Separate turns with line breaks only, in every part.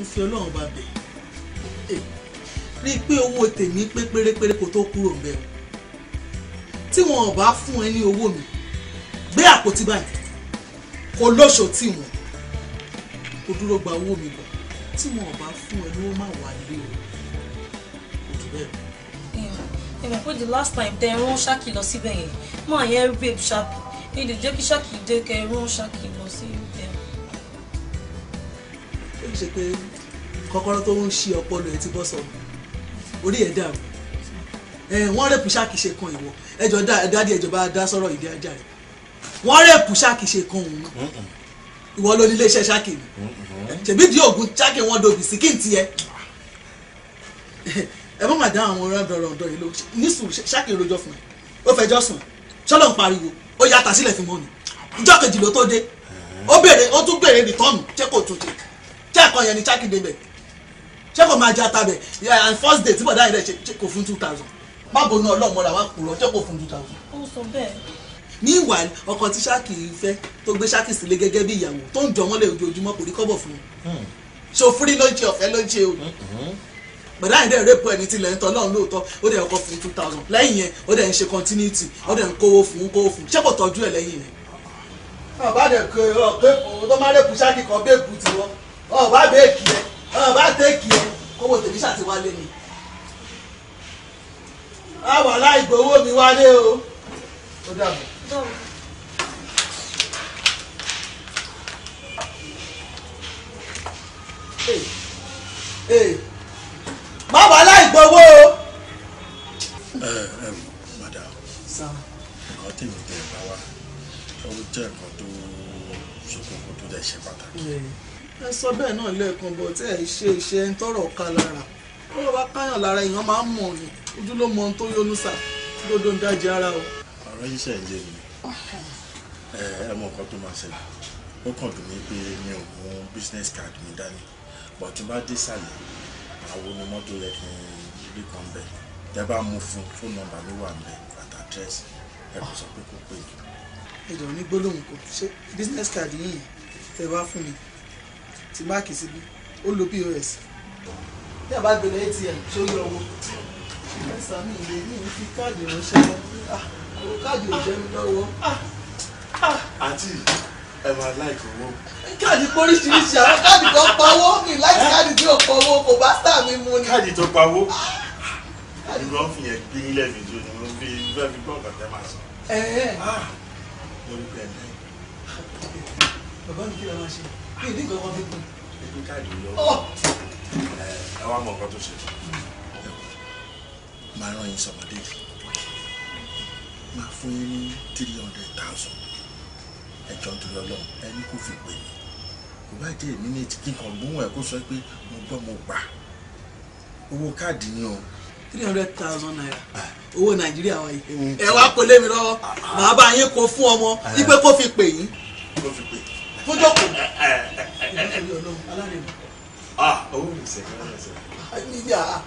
mo ọlọ́run bá bẹ̀ eh, rí i pé owó tèmi pé pérépéré kó tó kúrò ńbẹ̀ o tí wọn bá fún ẹ ní owó mi gbé àpótí báyìí kó lóṣò tì wọn kó dúró gba owó
mi bọ̀ tí
wọn bá fún ẹ lówó má wà lé o kò jù bẹ́ẹ̀ lọ ẹ̀mẹ̀ pé the last time tẹ ẹ̀rún ṣáàkì lọ síbẹ̀ yẹn mọ àyẹn babe ṣáàkì ní ìdè jẹ́ kí ṣáàkì dé kẹ ẹ̀rún ṣáàkì lọ sí ibẹ̀ ṣe pé kọ́kọ́rọ́ tó ń ṣe ọpọlọ ẹ̀ ti bọ́ sọ orí ẹ̀ dà wọ́n rẹ̀ pùṣáàkì ṣe kan ìwọ ẹjọ́ dáadé ẹjọba dá sọ̀rọ̀ ìdí ajá rẹ̀ wọ́n rẹ̀ pùṣáàkì ṣe kan òun ìwọ ló ní iléeṣẹ́ ṣáàkì mi ṣèbí di oògùn ṣáàkì wọn dobi sí kí n tiẹ̀ ẹ má máa dá àwọn rọ́ndọ̀rọ̀ndọ̀ yìí ló ní sùúrù ṣáàkì rojọ́ fún ẹ ó fẹjọ́ sùn ṣọlọ́ ń pariwo ó yàtà sílẹ̀ fún mọ́ni ìjọ́ kejì ló tó dé ó béèrè ó tún béèrè nìtọ́nù ṣé kò tún ṣe tí ẹ̀kọ́ yẹn ni chákìdé bẹ̀ ṣé kò máa jẹ ata bẹ̀ and first day tí bọ̀dá yẹn rẹ̀ kò fún two thousand báwo ni ọlọ́mọdà wa kúrò ṣé kò fún two thousand. ó sọ bẹ́ẹ̀. meanwhile ọkọ tí ṣáàkì fẹ́ tó gbé ṣáàkì sílé gẹ́gẹ́ bí ìyàwó tó ń jọ wọ́n lé ojoojúmọ́ kò rí kọ́bọ̀ fún un hmm. so free ló ń ṣe ọ̀fẹ́ ló ń ṣe o hmm. bọ̀dá yẹn dẹ̀ rẹ́pọ̀ ẹni tí lẹ́yìn tán náà lóòótọ́ ó dẹ̀ ọkọ fún two thousand lẹ́yìn yẹn ó dẹ̀ ń ṣe continuity ó dẹ̀ ń kówó fún kówó fún ṣé kò tọ́jú ẹ̀ lẹ́yìn yẹn. àbádẹ́ kò ọ̀kẹ́ òun tó má rẹ̀ kú ṣáàkì kan bẹ́ẹ̀ kú tiwọn ọ̀ bá bẹ́ẹ̀ kì ẹ́ ọ̀ bá tẹ́ kì ẹ́ kówó tèmi ṣàtiwálé ni àwọn aláìgbowó mi wálé o ó dàbọ̀. má wà láìgbowó o. madam nǹkan
tí mi tẹ̀ bá wa ó jẹ́ nǹkan tó ṣokùnkùn tó dẹ̀ ṣe
pàtàkì ẹ sọ bẹ́ẹ̀ náà lẹ́ẹ̀kan bọ̀ tí ẹ ṣe iṣẹ́ ń tọrọ ká lára ọ̀rọ̀ bá káyàn lára èèyàn máa ń mọ̀ ni ojú ló mọ ohun tó yọnu sà gbódò ń
dájẹ ara o. ọ̀rọ̀ yìí ṣe ń jẹ mi ẹ mọ nǹkan tó máa ṣẹlẹ̀ ó kàn dùn mí pé mi ò mú business card mi dání but tí n bá dé sàlẹ̀ àwọn onímọ́tò rẹ̀ ní ilé kan bẹ̀ tẹ́ bá mú fún fóònù nọ́mbà mi wà ń bẹ̀ àti àdírẹ́sì ẹ kò sọ pé kò pè mí.
ẹ jọ̀wọ́ ní gbólóhùn kò ṣe business card yìí tẹ́ wá fún mi ti máàkì
síbi ó lo pos. bí a bá gbé lọ atm ṣó yọ owó
mẹ́sà mi ìwé mi ń fi káàdì ránṣẹ́ lọ ah, káàdì ò jẹ́ mi lọ́wọ́. Ah, ah. àǹtí ẹ máa láìkì owó. káàdì oríṣiríṣi àwọn káàdì tó pawó mi láti eh? káàdì tí ò pawó kò bá sà mi mu ni. káàdì tó pawó ìrọ̀ fi yẹn gbé ilé mi tó ni mo fi fẹ́ fi gbọ́ ọ̀gá tẹ́ máa sọ. Eh, eh. mo rí pé ẹ̀ lẹ́yìn. bàbá mi kí ló máa ṣe mi ní kankan fi kún. ẹgbẹ́ káàdì lọ oh! ẹ wá mọ nǹkan tó ṣe. máa ràn yín sọmọdé máa fún yín ní three hundred thousand ẹjọ́ nítorí ọlọ́run ẹni kò fi pè mí kò bá jẹ́ èmi ní kí n kàn gbóhùn ẹ̀ kó sọ pé mo gbọ́ mo gbà owó káàdì ni o
three hundred thousand naira ah. owó nàìjíríà wa yìí mm. ẹ wá kó lé mi lọ́wọ́ ah, ah. màá bá yín kó fún ọmọ
wípé kó fi pè yín. kó fi pè yín tó jókòó. ah owó rẹ̀ sẹ̀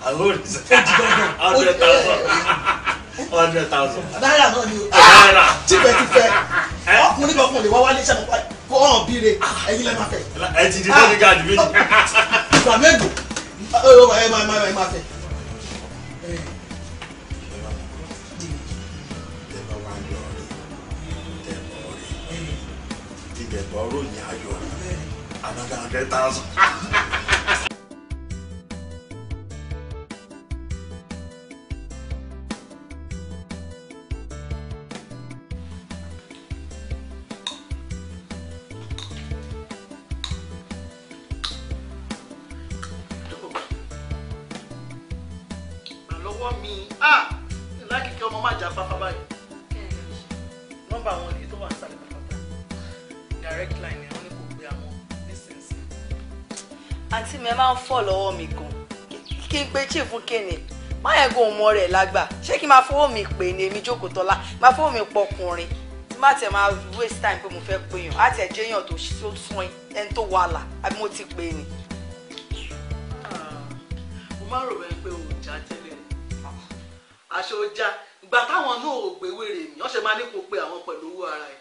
owó rẹ̀ sẹ̀ hundred thousand hundred thousand. náírà náà ni o náírà tíbẹ̀ ti fẹ́ ọkùnrin kan kùn lè wá wálé iṣẹ́ mọ́ kó hàn bíire ẹ̀yin lẹ́ẹ̀ máa fẹ́. ẹ ti di bodyguard méjì. ìgbà mélòó ẹ máa fẹ́.
gbọ́ ròyìn ayọ̀ another hundred thousand.
pọ̀ lọ́wọ́ mi gan kí n pe chief fún kéne má yẹn gan ọmọ rẹ̀ lágbà ṣé kí n máa fọwọ́ mi pè ní èmi jókòó tọ́lá máa fọwọ́ mi pọkùnrin má tẹ̀ máa waste time pé mo fẹ́ péyàn á tẹ̀ jẹ́yàn tó sún ẹni tó wàhálà àbí mo ti pè ní.
mo máa rò bẹ́ẹ̀ pé o ò já tẹ́lẹ̀
aṣọ ọjà ìgbà táwọn náà ò gbé wèrè mi wọ́n máa ní kó pe àwọn pẹ̀lú owó ara ẹ̀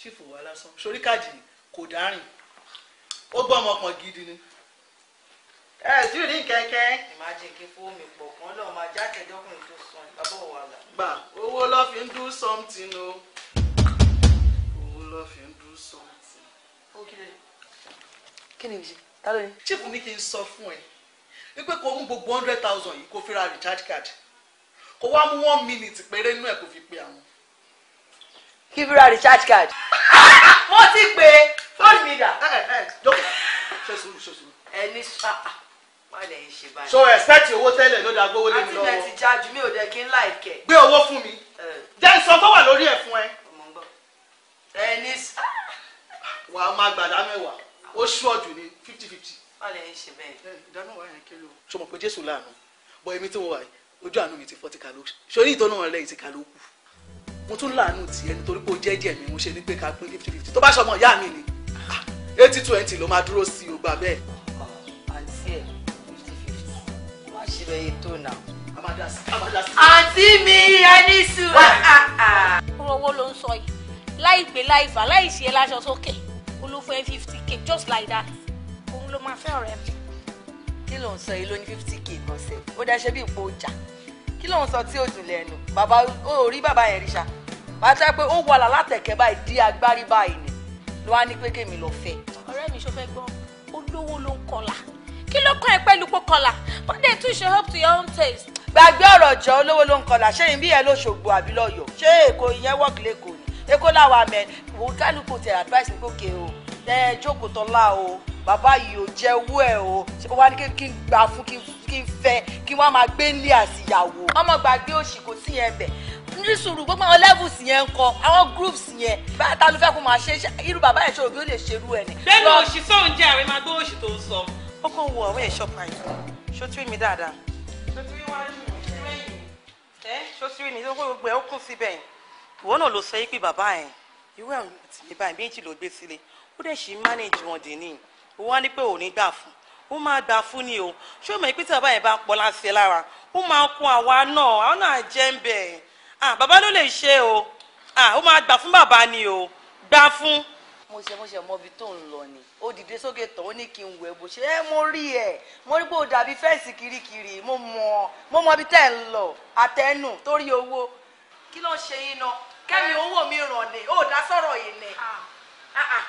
chief wà lásán sorí káàdì kò dárìn ó gbọ́ ọmọkàn gidi ni ẹ tí ò ní kẹ̀kẹ́. imagine kí fóònù pọ̀ kan lọ́ọ́ máa já tẹ̀dọ́kùnrin tó san ìbábọ̀ wà là. gbà owó ló fi ń do something o owó ló fi ń do something. ó kí lè. kí ni ìbísí ta ló ní. chief ní kí n sọ fún ẹ wípé kò mú gbogbo hundred thousand yìí kó fi ra recharge card kó wá mú one minute péré inú ẹ kó fi pe àwọn.
kí fi ra recharge card.
wọ́n ti pe fóònù mi dà. ẹ ẹ jọ́kọ̀ ṣe sùúrù ṣe sùúrù. ẹni sáà so expect owó tẹ́lẹ̀ ló dáa gbówó lé mi lọ́wọ́. àti nẹ̀tì jájú mi ò dẹ̀ kí n láìkẹ́. gbé owó fún mi. jẹ́ ìsọ tó wà lórí ẹ̀ fún ẹ. ẹni. Ah. wàá máa gbàdá mẹ́wàá ó ṣọ́ọ̀jù ní fifty fifty. wàlẹ̀
ń ṣe bẹ́ẹ̀. ìdáná wà yẹn kéré o.
sọ ma pé jésù láàánú bọ èmi tí mo wà yìí ojú àánú mi ti fọ́ ti kà ló sórí ìtọ́nà rẹ̀ ti kà ló kù mo tún láàánú tiẹ̀ nítorí pé o jẹ́ díẹ̀ mi mo ṣe ní pé ká pín fifty fifty tó bá ṣọmọ ìyá mi ni ah, eighty twenty ló máa dúró sí o gbà bẹ́ẹ̀. àṣírí ẹyẹ tó nà. àǹtí mi ẹni sùn. kúrò owó ló ń sọ yìí láìgbé láìfà láìsí ẹ láṣọ sókè olúfẹ́ fifty k just like that òun ló máa fẹ́ ọ̀rẹ́ mi. kí ló ń sọ yìí ló ní fifty k kan sẹ ó dáṣẹ bí ipò ọjà kí ló ń sọ tí ó dùn lẹ́nu bàbá ó rí bàbá yẹn rí sa bàbá tó yẹ pé ó wà látẹ̀kẹ́ báyìí di agbárí báyìí ni ló wá ní pé kémi lọ fẹ́. ọ̀rẹ́ mi ṣó fẹ́ gbọ́ ó lówó ló ń kọlà kí ló kàn ẹ́ pẹ̀lú kọlà wọ́n dẹ̀ tún ṣe up to your own taste. gbàgbé ọ̀rọ̀ jọ olówó ló ń kọlà ṣé ibi yẹn ló ṣògbò àbí lọ́yọ̀ ṣé èkó ìyẹn wọ́ọ̀kì lẹ́kọ̀ọ́ ni èkó làwọn àmì wò kálukú tẹ̀ advice ní gòkè o ẹ jókòó tọ́lá o bàbá yìí ò jẹ́ owó ẹ̀ o wá ní kí n gbà fún kí n fẹ́ kí wọ́n máa gbé nílé àsìyàwó ọmọ gbàgbé òṣì kò sí yẹn bẹ̀ ní sùúrù gbogbo àwọn levels yẹn ń kọ àwọn groups yẹn báyà ta ló fẹ́ kó máa ṣe irú bàbá yẹn ṣòro bí ó lè ṣerú ẹ̀ ni. bẹ́ẹ̀ ni òṣì sóun jẹ́ àrẹ máa gbé òṣì tó sọ ó kàn wọ ọwọ́ yẹn ṣọ́pà yìí ṣótúrí mi dada.
ṣótúrí wájú mi
Eh, ẹ̀yìn ẹ ṣótúrí mi tó gbogbo ẹ si ben. síbẹ̀ ìwọ náà ló sọ yìí pé bàbá ẹ ìwé àwọn ti mi báyìí méjì ló gbé sílé ó dẹ̀ ṣì ń manage wọn de ni. ìwọ wá ní pé òun ní gbà fún ó máa gbà fún ni o ṣé o mọ̀ pé tí bàbá yẹn bá pọ̀ láṣẹ lára ó máa kún àwa náà àwọn náà jẹ́ ń ah baba ló le ṣe o ah ó máa gbà fún bàbá ni o gbà fún mo ṣe mo ṣe mọ ibi tó ń lọ ni ó dìde sókè tán ó ní kí n wẹ̀ bó ṣe é mo rí ẹ mo rí pé ó dàbí fẹ́ǹsì kirikiri mo mọ mo mọ ibi tẹ́ ń lọ àtẹnu torí owó kí ló ń ṣe yín náà kẹ́mi owó mi ràn ní ó dá sọ̀rọ̀ yìí nẹ̀ ah. ah, ah.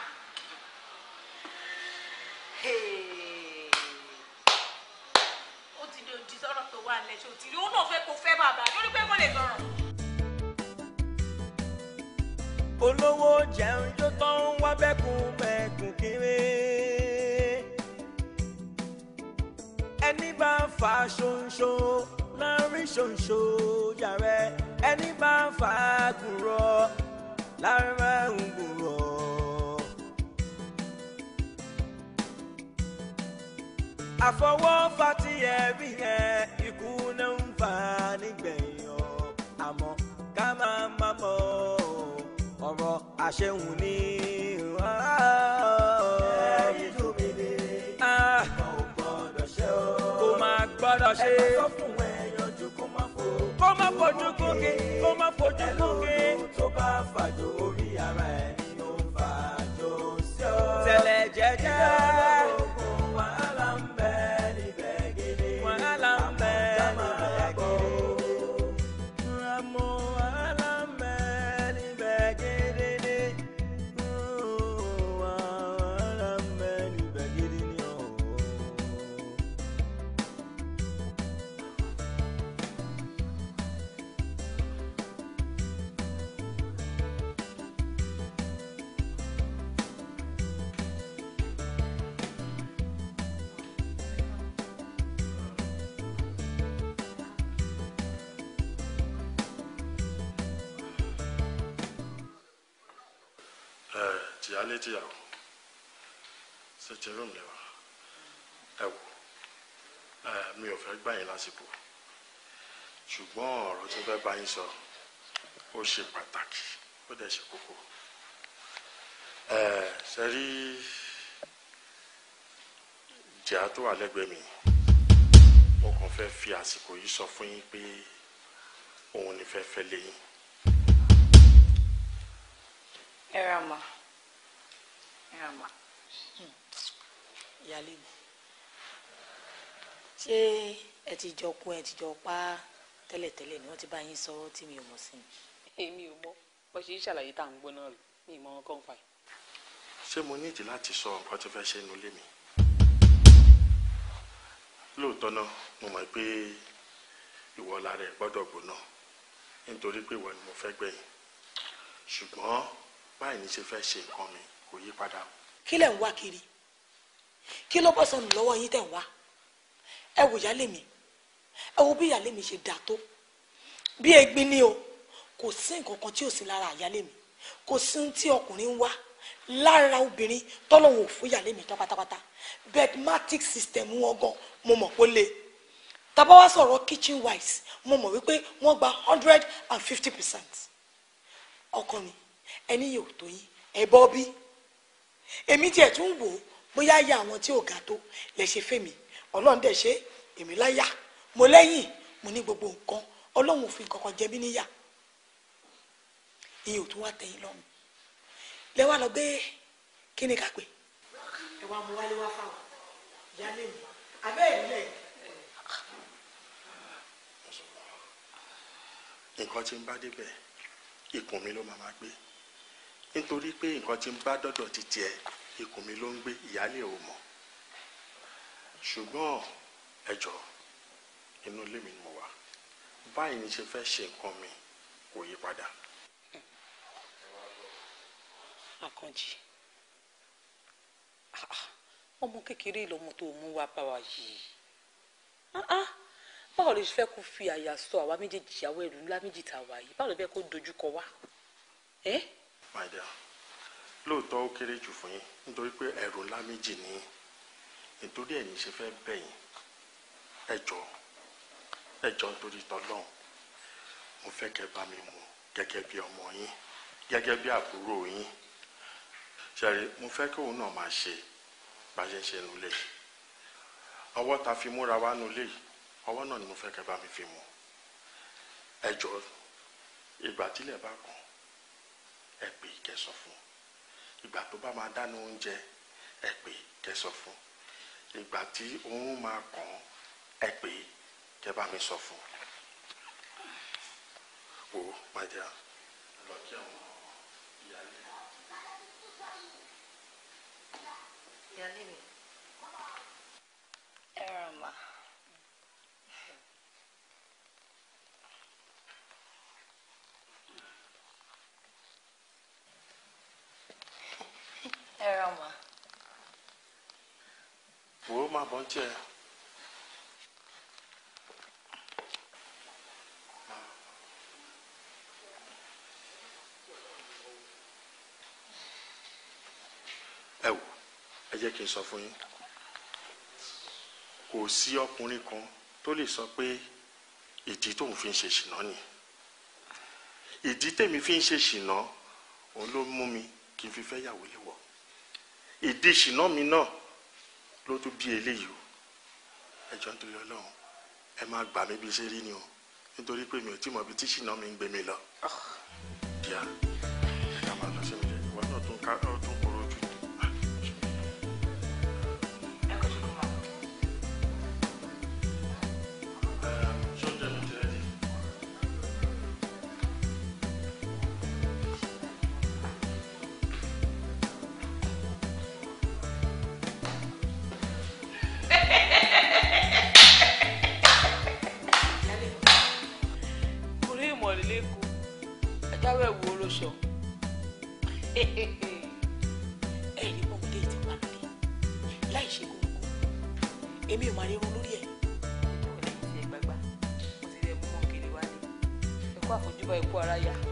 ó ti di sọ̀rọ̀ tó wà lẹ́sọ̀ tí ó náà fẹ́ kó fẹ́ bàbá lórí pé kò lè sọ̀rọ̀
olówó jẹun jó tó ń wá bẹ́kùn bẹ́kùn kiri. ẹni bá fa ṣonṣo láàrin ṣonṣo yàrá ẹni bá fa gùrọ̀ lára ń gùrọ̀. àfọwọ́fà tiẹ̀ yẹn ikú náà ń fa nígbẹ̀yìn. ọ̀rọ̀ àṣehùn ni. ẹyin tó mi lè ah. kọ́ ò gbọ́dọ̀ ṣe o. kò máa gbọ́dọ̀ ṣe. ẹ sọ fún ẹyanjú kó má fò. kó má fojú kókè kó má fojú kókè. ẹlòmíràn tó bá fàjò orí ara ẹni ló fàjò sí ọ. tẹ̀lẹ̀ jẹ́jẹ́.
gbà yín lásìkò ṣùgbọ́n ọ̀rọ̀ tí mo fẹ́ bá yín sọ ó ṣe pàtàkì ó dẹ̀ ṣe kókó ṣe rí ìjà tó wà lẹ́gbẹ̀ẹ́ mi mo kàn fẹ́ fi àsìkò yìí sọ fún yín pé
òun ni fẹ́ fẹ́ lẹ́yìn. ẹ ra ma ẹ ra ma hmm. ìyáálé ṣé ẹ ti jọ kun ẹ ti jọ pa tẹ́lẹ̀tẹ́lẹ̀ ni wọ́n ti bá yín sọ tí mi ò mọ̀ sí ni. èmi ò mọ̀ bó ṣe ń ṣàlàyé tá à ń gbọ́ náà mi mọ ọkọ nfa
ṣé mo ní ìdí láti sọ nǹkan tó fẹ́ ṣe inú ilé mi. lóòótọ́ náà mo mọ̀ pé ìwọ lára ẹ̀ gbọ́dọ̀ gbóná nítorí pé ìwọ ni mo fẹ́ gbẹ̀yìn ṣùgbọ́n báyìí ní ṣe fẹ́ ṣe nǹkan mi kò yí padà.
kí lẹ̀ ń wá kiri kí ló bọ́ sọnù lọ́wọ́ yín tẹ̀ ń wá ẹ wò yálé mi ẹ wo bí ìyálé mi ṣe dà tó bí egbin ni o kò sí nǹkan kan tí ò sí lára ìyálé mi kò sí ohun tí ọkùnrin ń wá lára obìnrin tọ́lọ́hún ò fún ìyálé mi tán pátápátá bedmatic system wọn gan mo mọ̀ kó le tàbá sọ̀rọ̀ kitchen wise mo mọ̀ wípé wọ́n gba hundred and fifty percent ọkọ mi ẹni yìí ò tó yín ẹ bọ́ bí èmi tiẹ̀ tún wò bóyá ya àwọn tí ò ga tó lè ṣe fẹ́ mi ọlọ́run dẹ̀ ṣe èmi láyà mo lẹ́yìn mo ní gbogbo nǹkan ọlọ́run òfin kankan jẹ mí níyà ìyẹn ò tún wá tẹ̀yìn lọ́rùn lẹ́wà lọ gbé kí ni ká pè. ẹ wá mo wálé wá fáwọn ìyá lè mi abẹ́ ẹ̀ nílẹ̀.
nǹkan tí ń bá débẹ̀ ikùn mi ló máa gbé nítorí pé nǹkan tí ń bá dọ́dọ̀ ti tiẹ̀ ikùn mi ló ń gbé ìyáálé ò mọ̀ ṣùgbọ́n ẹjọ́ inú ilé mi ni mo wà báyìí ni ṣe fẹ́ ṣe nǹkan mi kò yí padà. àkànjì
ọmọ kékeré lọmọ tó mú wá bá wa yìí báwo lè fẹ́ kó fi àyà sọ àwa méjèèjì ìyàwó ẹ̀rù ńlá méjì tá a yìí báwo lè fẹ́ kó dojúkọ wá.
my dear lóòótọ́ ó kéré jù fún yín nítorí pé ẹ̀rù ńlá méjì ni nítorí ẹ̀yin ṣe fẹ́ bẹ̀yìn ẹ jọ̀ọ́ ẹ jọ̀ọ́ nítorí tọlọ́run mo fẹ́ kẹ́ bá mi mú gẹ́gẹ́ bí ọmọ yín gẹ́gẹ́ bí àbúrò yín ṣẹ̀rí mo fẹ́ kí òun náà máa ṣe bá ṣe ń ṣe nulẹ̀ ọwọ́ ta fi múra wá nulẹ̀ ọwọ́ náà ni mo fẹ́ kẹ́ bá mi fi mú ẹ jọ̀ọ́ ìgbà tílẹ̀ bá kàn ẹ pè kẹ́ sọ fún ìgbà tó bá máa dáná oúnjẹ ẹ pè fún ìgbà tí òun máa kàn ẹ pé kẹ bá mi sọ fún o májà lọ kí àwọn ìyáálé mi. ìyáálé mi
ẹ ràn máa.
bọ́ ń tiẹ̀. ẹ wò ẹ jẹ́ kí n sọ fún yín kò sí ọkùnrin kan tó lè sọ pé ìdí tóun fi ń ṣe ṣìnà ni ìdí tèmi fi ń ṣe ṣìnà òun ló mú mi kí n fi fẹ́ yàwó lé ìdí ṣìnà mi náà ló tún bí eléyìí o ẹjọ́ nítorí Ọlọ́run ẹ má gbà mí bí ṣe rí ni o nítorí pé mi ò tí mọ̀ bí tíṣì náà mi ń gbé mi lọ. Yeah.
allá.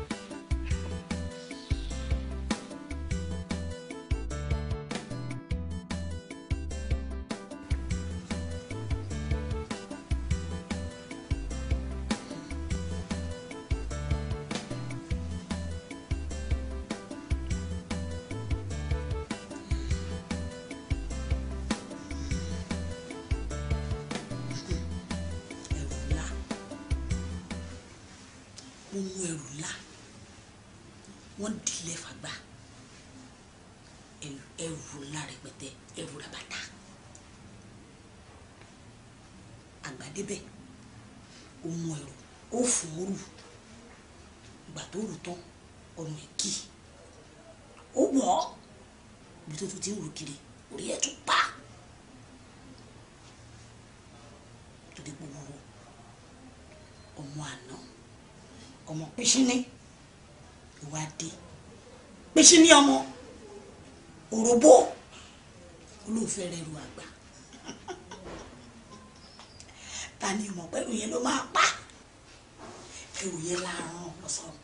rẹpẹtẹ ẹrù rabata àgbàdébẹ òun ẹrù ó fún òrù ìgbà tó rù tán ọrùn ẹ kì í ó wọ ọ ibi tó tún ti ń rù kiri orí ẹ tún pa torí gbogbo ọmọ àná ọmọ pínṣíní ìwádìí pínṣíní ọmọ òròbó ló fẹ́ rẹ̀ lu àgbà ta ni mọ̀ pẹ̀lú yẹn ló máa pa ẹ̀rù yẹn láàárọ̀ lọ́sọ̀rọ̀.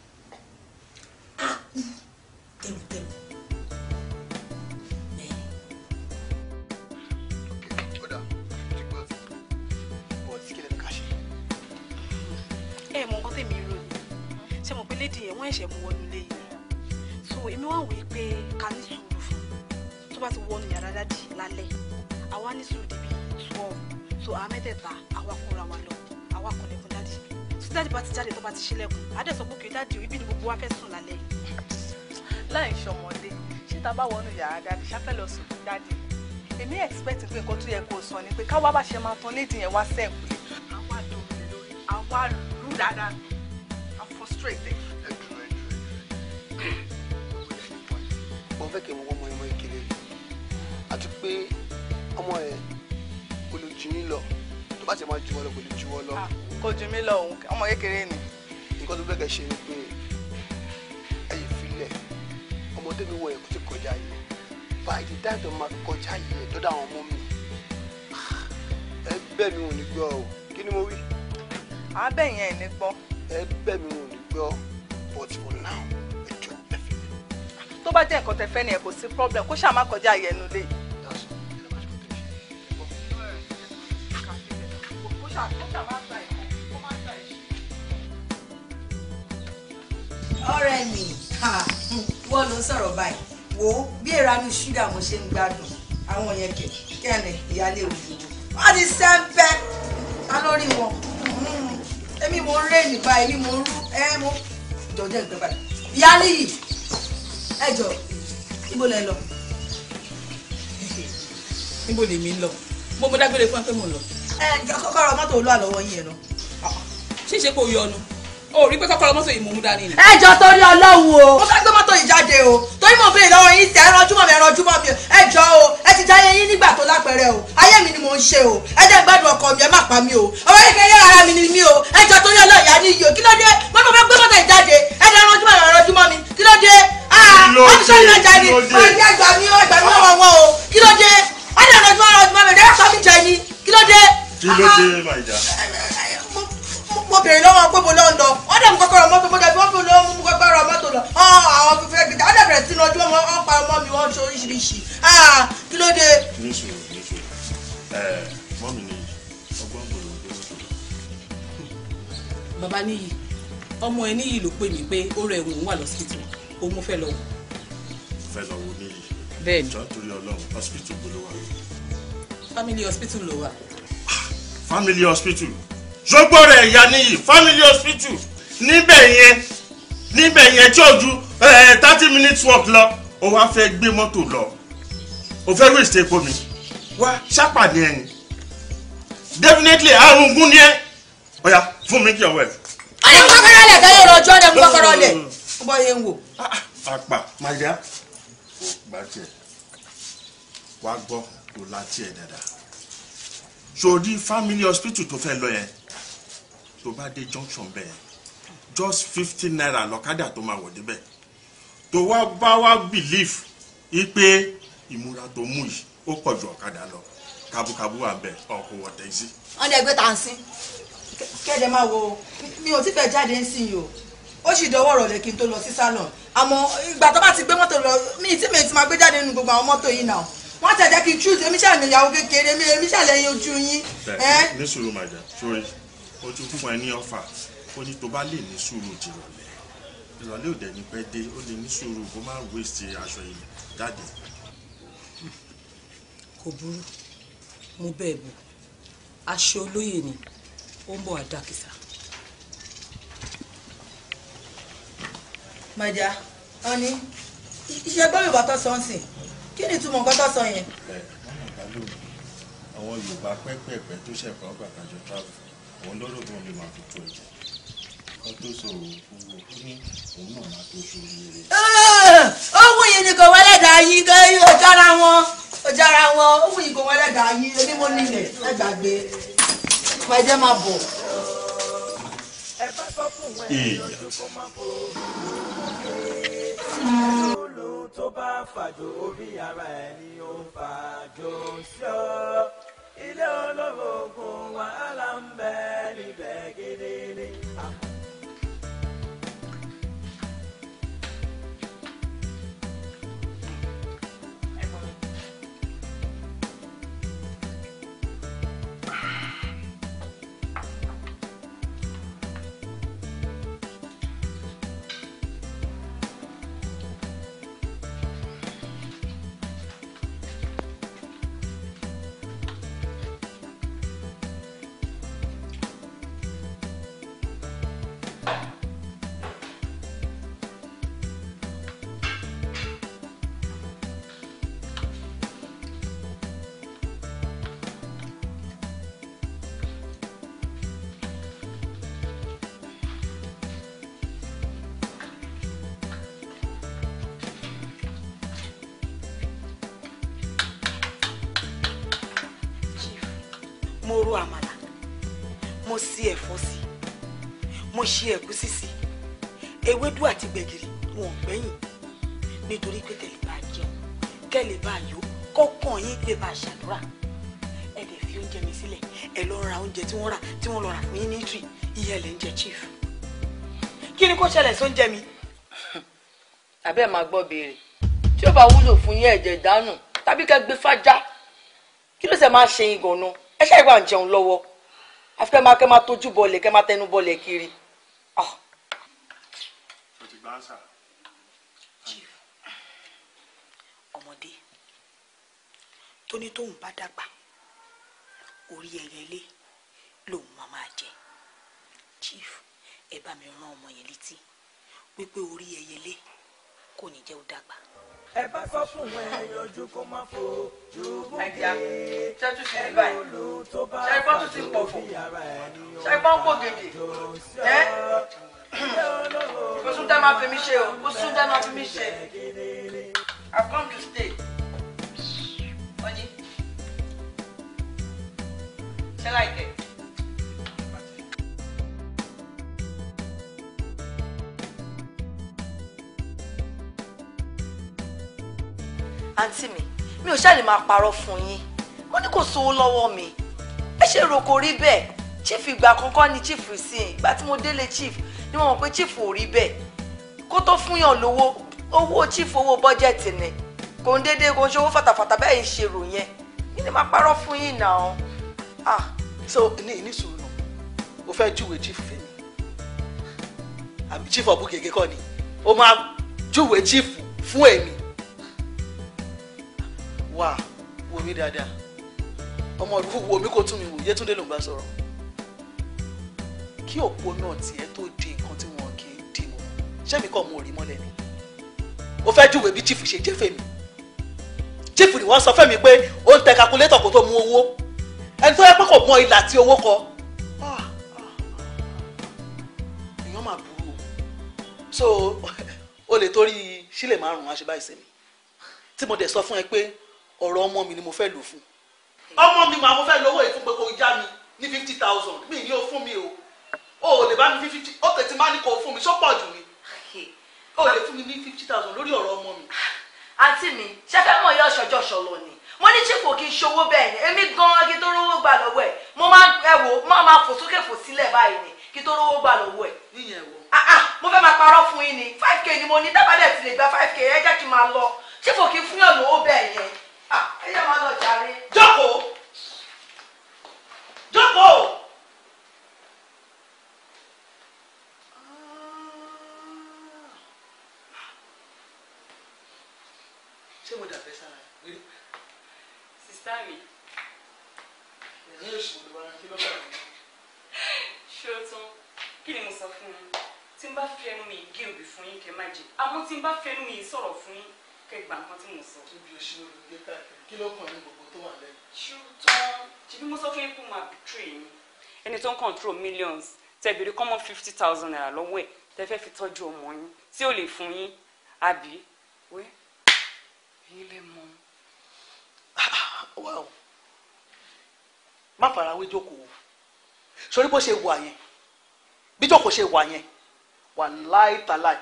ti ṣílẹ̀kùn adẹ́sọ̀ pé kí dáàdì ibi ni gbogbo wa fẹ́ sùn lálẹ́ yìí. láì ṣọmọdé ṣé ta bá wọnú yàrá dáàdì ṣáfẹ́ lọ sùn fún dáàdì èmi expect pé nǹkan tó yẹ kó sọ ni pé káwá bá ṣe máa tan lédìí yẹn wá sẹ́ẹ̀kù lé àwa lò lórí àwa lù dáadáa i'm frustrated. mo fẹ́ kí n wọ́n mọ ọmọ ìkéré àti pé ọmọ yẹn kò lè jù mí lọ tó bá ti máa jù wọ́n lọ kò lè jù wọ́n lọ. Ah, kò jù mí lọ ọmọ kékeré ni
nǹkan tó kẹ́ ṣe ni pé ẹyẹ filẹ̀ ọmọdé mi wọ̀ ẹ̀kú ti kọjá yìí by the time tó máa kọjá yìí ẹ̀dọ́dọ̀ àwọn ọmọ mi
ẹgbẹ́ mi ò ní gbọ́ o kí ni mo wí. abẹ́ yẹn ẹ̀ ní gbọ́. ẹgbẹ́ mi ò ní gbọ́ but for now ẹjọ́ ẹ fi mi. tó bá jẹ́ nǹkan tẹ fẹ́ ni ẹ kò sí problem kó ṣáà má kọjá yẹn nulẹ̀ yìí.
kó ṣáà kó ṣáà má.
ọ̀rẹ́ mi wọ́n ló sọ̀rọ̀ báyìí
wò ó bí ìranú ṣúgà mo ṣe ń gbádùn àwọn yẹn kẹ kẹ́ni ìyáálé òjò wọ́n ti sẹ́ńpẹ́ alórí wọn hmm, èmi mo ń rè ní báyìí
mo ń rú ẹ mo jọjọ ìgbẹ́ báyìí ìyáálé yìí ẹ jọ ibo lẹ lọ. níbo lèmi ń lọ mo mo dágbére fún ẹ pé mo ń lọ. ẹ kọ́kọ́rọ́ mọ́tò olú àlọ́wọ́ yín ẹ lọ. ṣé ṣe kò yọnu o rí pé kọ́kọ́rọ́ mọ́tò yìí mú mú dání ni. ẹ jọ torí Ọlọ́run
o. mo fẹ́ gbé mọ́tò yìí jáde o torí mo béèrè lọ́wọ́ yín sí ẹran ojúmọ̀ mi ẹran ojúmọ̀ mi ẹ jọ o ẹ ti jáyé yín nígbà tó lápẹẹrẹ o ayé mi ni mo ń ṣe o ẹ jẹ́ gbádùn ọkọ mi ẹ má pa mi o ọ̀rọ̀ yìí kẹ́yẹ́ ara mi ni mi o ẹ jọ torí Ọlọ́run ìyá ni iyo kí ló dé
mọ́tò fẹ́ gbé mọ́tò yìí jáde ẹ jẹ́ ẹran ojúmọ̀ mi ẹran ojúmọ̀ mi kí ló dé ah ọ̀ṣọ́ ìlàjà ni
ẹgbàá mi ẹgbàá mi
mo bèrè lọ́wọ́ pé mo lọ́ọ́ lọ wọ́n dẹ̀ mú kọ́kọ́rọ́ mọ́tò mo dẹ̀bi wọ́n fi lọ́wọ́ mú kọ́kọ́rọ́ mọ́tò lọ àwọn fífẹ́ gbìtà wọ́n dẹ̀ bẹ̀rẹ̀ sí lọ́jọ́ wọn wọ́n pa ọmọ mi wọ́n ṣe oríṣiríṣi kí ló dé. bàbá níyì ọmọ ẹ níyì ló pè mí pé ó rẹ òun wà lọ́sítì òun fẹ́ lọ fẹ́ lọ wo níyì.
bẹ́ẹ̀ni jọ́ hospital gbolo
family hospital ló wà.
family hospital sọgbọrọ ẹyà nìyí family hospital níbẹ̀ yẹn níbẹ̀ yẹn tí ò ju thirty minutes walk lọ o wá fẹ́ gbé mọ́tò lọ o fẹ́ waste epo mi wá ṣápà ní ẹ̀yìn definitely àrùn gún ni ẹ ọ̀yà fún mi kí ọwọ́ ẹ̀. ayé kọ́kọ́rọ́ lẹ̀ tó yẹ lọ́jọ́ ọ̀dẹ̀ mú kọ́kọ́rọ́ lẹ̀ ó bọ́ yẹn wò. àpà màdìá gbà tiẹ̀ wá gbọ́ kó la tiẹ̀ dáadáa sórí family hospital tó fẹ́ lọ yẹn tó bá dé junction bẹ́ẹ̀ just fifty naira lọ́kadà tó máa wọ̀ débẹ̀ tó wá bá wá belief wípé ìmúra tó mú yìí ó pọ̀ ju ọ̀kadà lọ kábúkábú wà bẹ́ẹ̀ ọkọ̀ wọ̀ tẹ́sí.
wọ́n dẹ̀ gbé tàǹsí kẹ́ẹ̀dẹ̀ máa wo mi ò tí fẹ́ jáde ń sìn yìí o ó sì dọwọ́ rọ̀lẹ́ kí n tó lọ sí salon àmọ́ ìgbà tó bá ti gbé mọ́tò lọ mi tí
mi ti máa gbé jáde nínú gbogbo àwọn mọ́tò yìí náà wọ́n tẹ̀ jẹ́ kí n choose èmi ṣàlẹ̀ ìyàwó kékeré mi èmi ṣàlẹ̀ yín ojú yín. bẹ́ẹ̀
ní sùúrù màjà sórí ó tún fún ẹ ní ọ̀fà ó ní tó bá lè ní sùúrù jìrọ̀lẹ́ ìrọ̀lẹ́ òde ní pẹ́ dé ó lè ní sùúrù kó má wéṣe aṣọ yìí jáde.
kò burú mo bẹ́ẹ̀ bù aṣọ olóyè ni ó ń bọ̀ àdàkìsà. màjà ọ̀ni iṣẹ́ gbọ́ yorùbá tó sọ ń sìn kí ni ìtumọ̀ nǹkan tó sọ yẹn.
ẹ ọmọ ìgbà lónìí àwọn yorùbá pẹ́pẹ́pẹ́ tó ṣẹ̀kọ́ gbàgbàjọ travel òun lọ́dọ̀ tó ń lè máa fi tó ẹ̀jẹ̀ kan tó sọ̀rọ̀ owó ní òun
náà máa tó sórí eré. Ah! owó yìí ni kò wọlé dà yí ó jára wọn jára wọn owó yìí kò wọlé dà yí ẹni mo nílẹ̀ ẹ gbàgbé máa jẹ́ máa bọ̀.
tó bá fàjò orí
ara ẹni ó fàjò sí ilé olóògùn wàhálà ń bẹ níbẹ̀ gidi ni.
fi ẹ̀gúsí sí ewédú àti gbẹ̀gìrì wọn ò nítorí pé kẹ́lẹ́ bá jẹun kẹ́lẹ́ bá yó kọ́kàn yín lè bá ṣàdúrà ẹ dẹ̀ fi oúnjẹ mi sílẹ̀ ẹ lọ ra oúnjẹ tí wọ́n rà tí wọ́n lọ rà fún yín ní tree ìyẹn lè ń jẹ chief kí ni kò ṣẹlẹ̀ sóúnjẹ mi. àbí ẹ máa gbọ́ béèrè tí ó bá wúlò fún yín ẹ̀jẹ̀ dànù tàbí kẹ́ gbé fájá kí ló ṣe máa ṣe yín gan-an ẹ ṣáà ìgbà ń jẹun lọ́wọ́ àfi máa kẹ́ máa tójú bọlẹ̀ kẹ́ máa tẹnu bọlẹ̀ kiri ọ.
o ti gbá sà.
ọmọdé
tóní tóun bá dàgbà orí ẹyẹlé lòun máa máa jẹ chief ẹ bá mi rán ọmọ yẹn létí wípé orí ẹyẹlé kò ní jẹ́ ẹ bá
sọ fún ẹ yọjú kó má fojú
mú bí ẹ lòlù tó bá fojú bí ara ẹ ní ọba tó sí ọ. Ó sún dá fi mí ṣe o, ó sún dá fi mí ṣe. I've come to stay. Ọjí.
Ṣé láìpẹ́? àǹtí mi mi ò ṣàlè máa parọ́ fún yín mo ní kò sówó lọ́wọ́ mi ẹ ṣe rò kò rí bẹ́ẹ̀ chief ìgbà kankan ni chief sí i ìgbà tí mo délé chief ni mo mọ̀ pé chief ò rí bẹ́ẹ̀ kó tó fún yàn lówó owó chief owó bọ́jẹ̀tì ni kò ń déédéé kò ń ṣe owó fàtàfàtà bẹ́ẹ̀ ṣe rò yẹn mi ni máa parọ́ fún yín náà ah. so ní ní sùúrù náà o fẹ́ júwèé chief fẹ́ mi àbí chief ọ̀bùkẹ́kẹ́ kọ́ ni o máa júwèé chief fún èmi
wà wò mí dáadáa ọmọ ìlú wò mí kó tún mi wò Yétúndé ló ń bá sọ̀rọ̀ kí òpó náà tiẹ̀ tó di nǹkan
tí wọn kì í dì mọ́ sẹ́mi kọ́ mo rí mọ́lẹ̀ ni ó fẹ́ júwèé bí chief ṣe jẹ́ fèmí chief ni wọ́n sọ fẹ́mi pé ó ń tẹ calculator kó tó mú owó ẹni tó yẹ pé kò mọ ilà àti owó kọ ah, ah, ah. èèyàn máa burú o so o lè torí sílẹ̀ márùn-ún àṣebáyé sẹ́mi tí mo dẹ̀ sọ fún ẹ pé ọ̀rọ̀ ọmọ mi ni mo fẹ́ lò fún ọmọ mi màá mo fẹ́ lówó yìí fún pé kò já mi ní fifty thousand mi ni o fún mi o o ò lè bá mi fifty ó tètè má ní kó fún mi sọ́pọ̀ jù mi o ò lè fún mi ní fifty thousand lórí ọ̀rọ̀ ọmọ mi. àǹtí mi ṣe fẹ́ mọ̀ yẹ ọ̀ṣọ́jọ́ ṣọlọ ni mo ní chikwo kì í ṣòwò bẹ́ẹ̀ ni èmi gan-an kí tó rówó gbà lọ́wọ́ ẹ̀ mo máa ẹ wò máa máa fò sókè fò sílẹ̀ báyìí ni kí tó rówó gbà lọ́wọ́ ẹ̀.
yíyan ẹ̀wọ̀. Ah,
ah, mo fẹ́ máa parọ́ fún yín ni five k ni mo ní dábàá dẹ̀ ti lè gba five k ẹ jẹ́ kí n máa lọ chikwo kì í fún yàn lówó bẹ́ẹ̀ yẹn
Ah, ẹyẹ máa lọ jàre. jókòó
jókòó.
ṣé mo dàbẹ́ sára rẹ̀. sista mi. ẹ̀yin èṣù
ló wá kí ló bá mi.
ṣé o tán kí ni mo sọ fún tí n bá fi ẹnu mi gé òbí fún yín kẹ́ má jẹ àmọ́ tí n bá fi ẹnu mi sọ̀rọ̀ fún yín kẹgbà nǹkan tí mo sọ. níbi oṣù ló gbé káàkiri kí ló kàn ní gbogbo tó wà lẹ́yìn. ṣùgbọ́n ṣèbí mo sọ fún yín kó máa betray yín. ẹni tó ń control millions tẹ̀bìrì common fifty thousand naira lọ́wọ́ ẹ̀ tẹ́ fẹ́ fi tọ́jú ọmọ yín tí ò lè fún yín àbí wẹ́ yín lè mọ. wá o má farawé jókòó sórí bó ṣe wà yẹn bí jókòó ṣe wà yẹn wà láìtàláì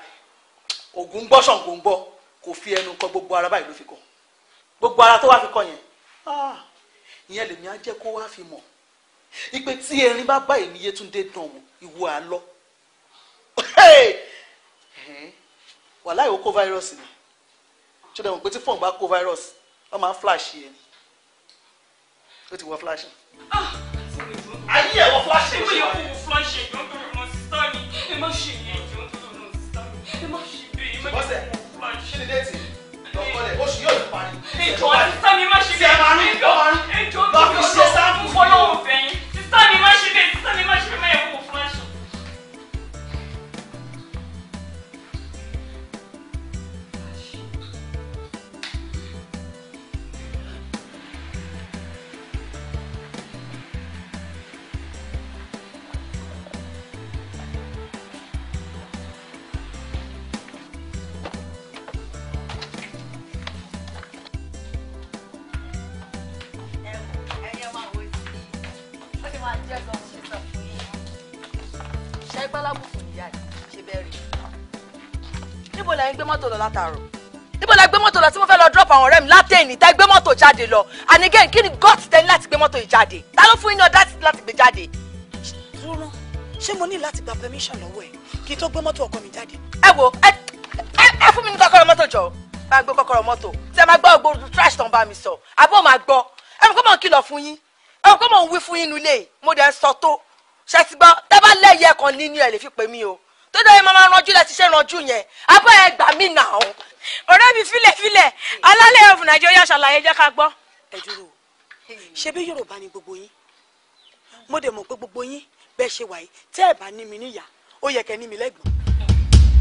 ògùn gbọ́ sọ̀ǹgùn gbọ́ kò fi ẹnu kọ gbogbo ara báyìí ló fi kọ gbogbo ara tó wá fi kọ yẹn ah! ìyẹn lèmi á jẹ́ kó wá fi mọ̀ ipe tí erin bá bá èmi Yétúndé dán wò ìwọ àlọ wàhálà ìwọ kó fáírọ́ọ̀sì ni tí o dẹ̀ mọ̀ pé tí fọ́ọ̀n bá kó fáírọ́ọ̀sì wọ́n máa ń fúláṣì ẹ̀ ni ó ti wọ fúláṣì. Ah!
ayé ẹ̀ wọ fúláṣì ẹ̀ ṣe wáyé.
fúláṣì ẹ̀ jọ́ ń tọrọ mọ́ ẹ má ṣe ìyẹn jọ́ ń tọrọ mọ́
ẹ má ṣe bẹ́ẹ̀
kí ni déètì lọ́kọ́lẹ̀ oṣù yóò ti parí. ìjọ sísá mi má ṣe látàárọ̀ níbo la gbé mọ́tò lọ tí mo fẹ́ lọ drop àwọn ọ̀rẹ́ mi látẹ̀yìn tá gbé mọ́tò jáde lọ and again kí ni god tẹ́ni láti gbé mọ́tò yìí jáde ta ló fún yín náà dáàtì láti gbé jáde. dúró ṣé mo ní láti gba permission lọ́wọ́ ẹ̀ kí n tó gbé mọ́tò ọkọ mi jáde. ẹ wo ẹ ẹ fún mi ní kọ́kọ́rọ́ mọ́tò jọ máa gbé kọ́kọ́rọ́ mọ́tò tí ẹ máa gbọ́ ògbó trash tán bá mi sọ àbó máa gbọ́ ẹ mọ̀ kó mọ̀ ń kìlọ̀ fún yín ẹ mọ̀ kó mọ̀ ń wí fún yín nulẹ̀ mo dẹ̀ ń sọ tó ṣe ti gbọ́ tẹ́ bá lẹ́yẹ kan nínú ẹ̀ lè fi pè mí o tọ́jọ́ yẹn máa ranjú láti ṣe ranjú yẹn abọ́ ẹ gbà mí nà ó. ọ̀rẹ́ mi filẹ̀filẹ̀ alálẹ̀ of Nàìjíríà ṣàlàyé jẹ́ ká gbọ́. ẹ dúró ṣe bí Yorùbá ni gbogbo yín mo dẹ̀ mọ̀ pé gbogbo yín bẹ́ẹ̀ ṣe wà yìí tẹ́ ẹ̀ bá ní mi níyà ó yẹ kẹ́ ní mi lẹ́gbọ̀n.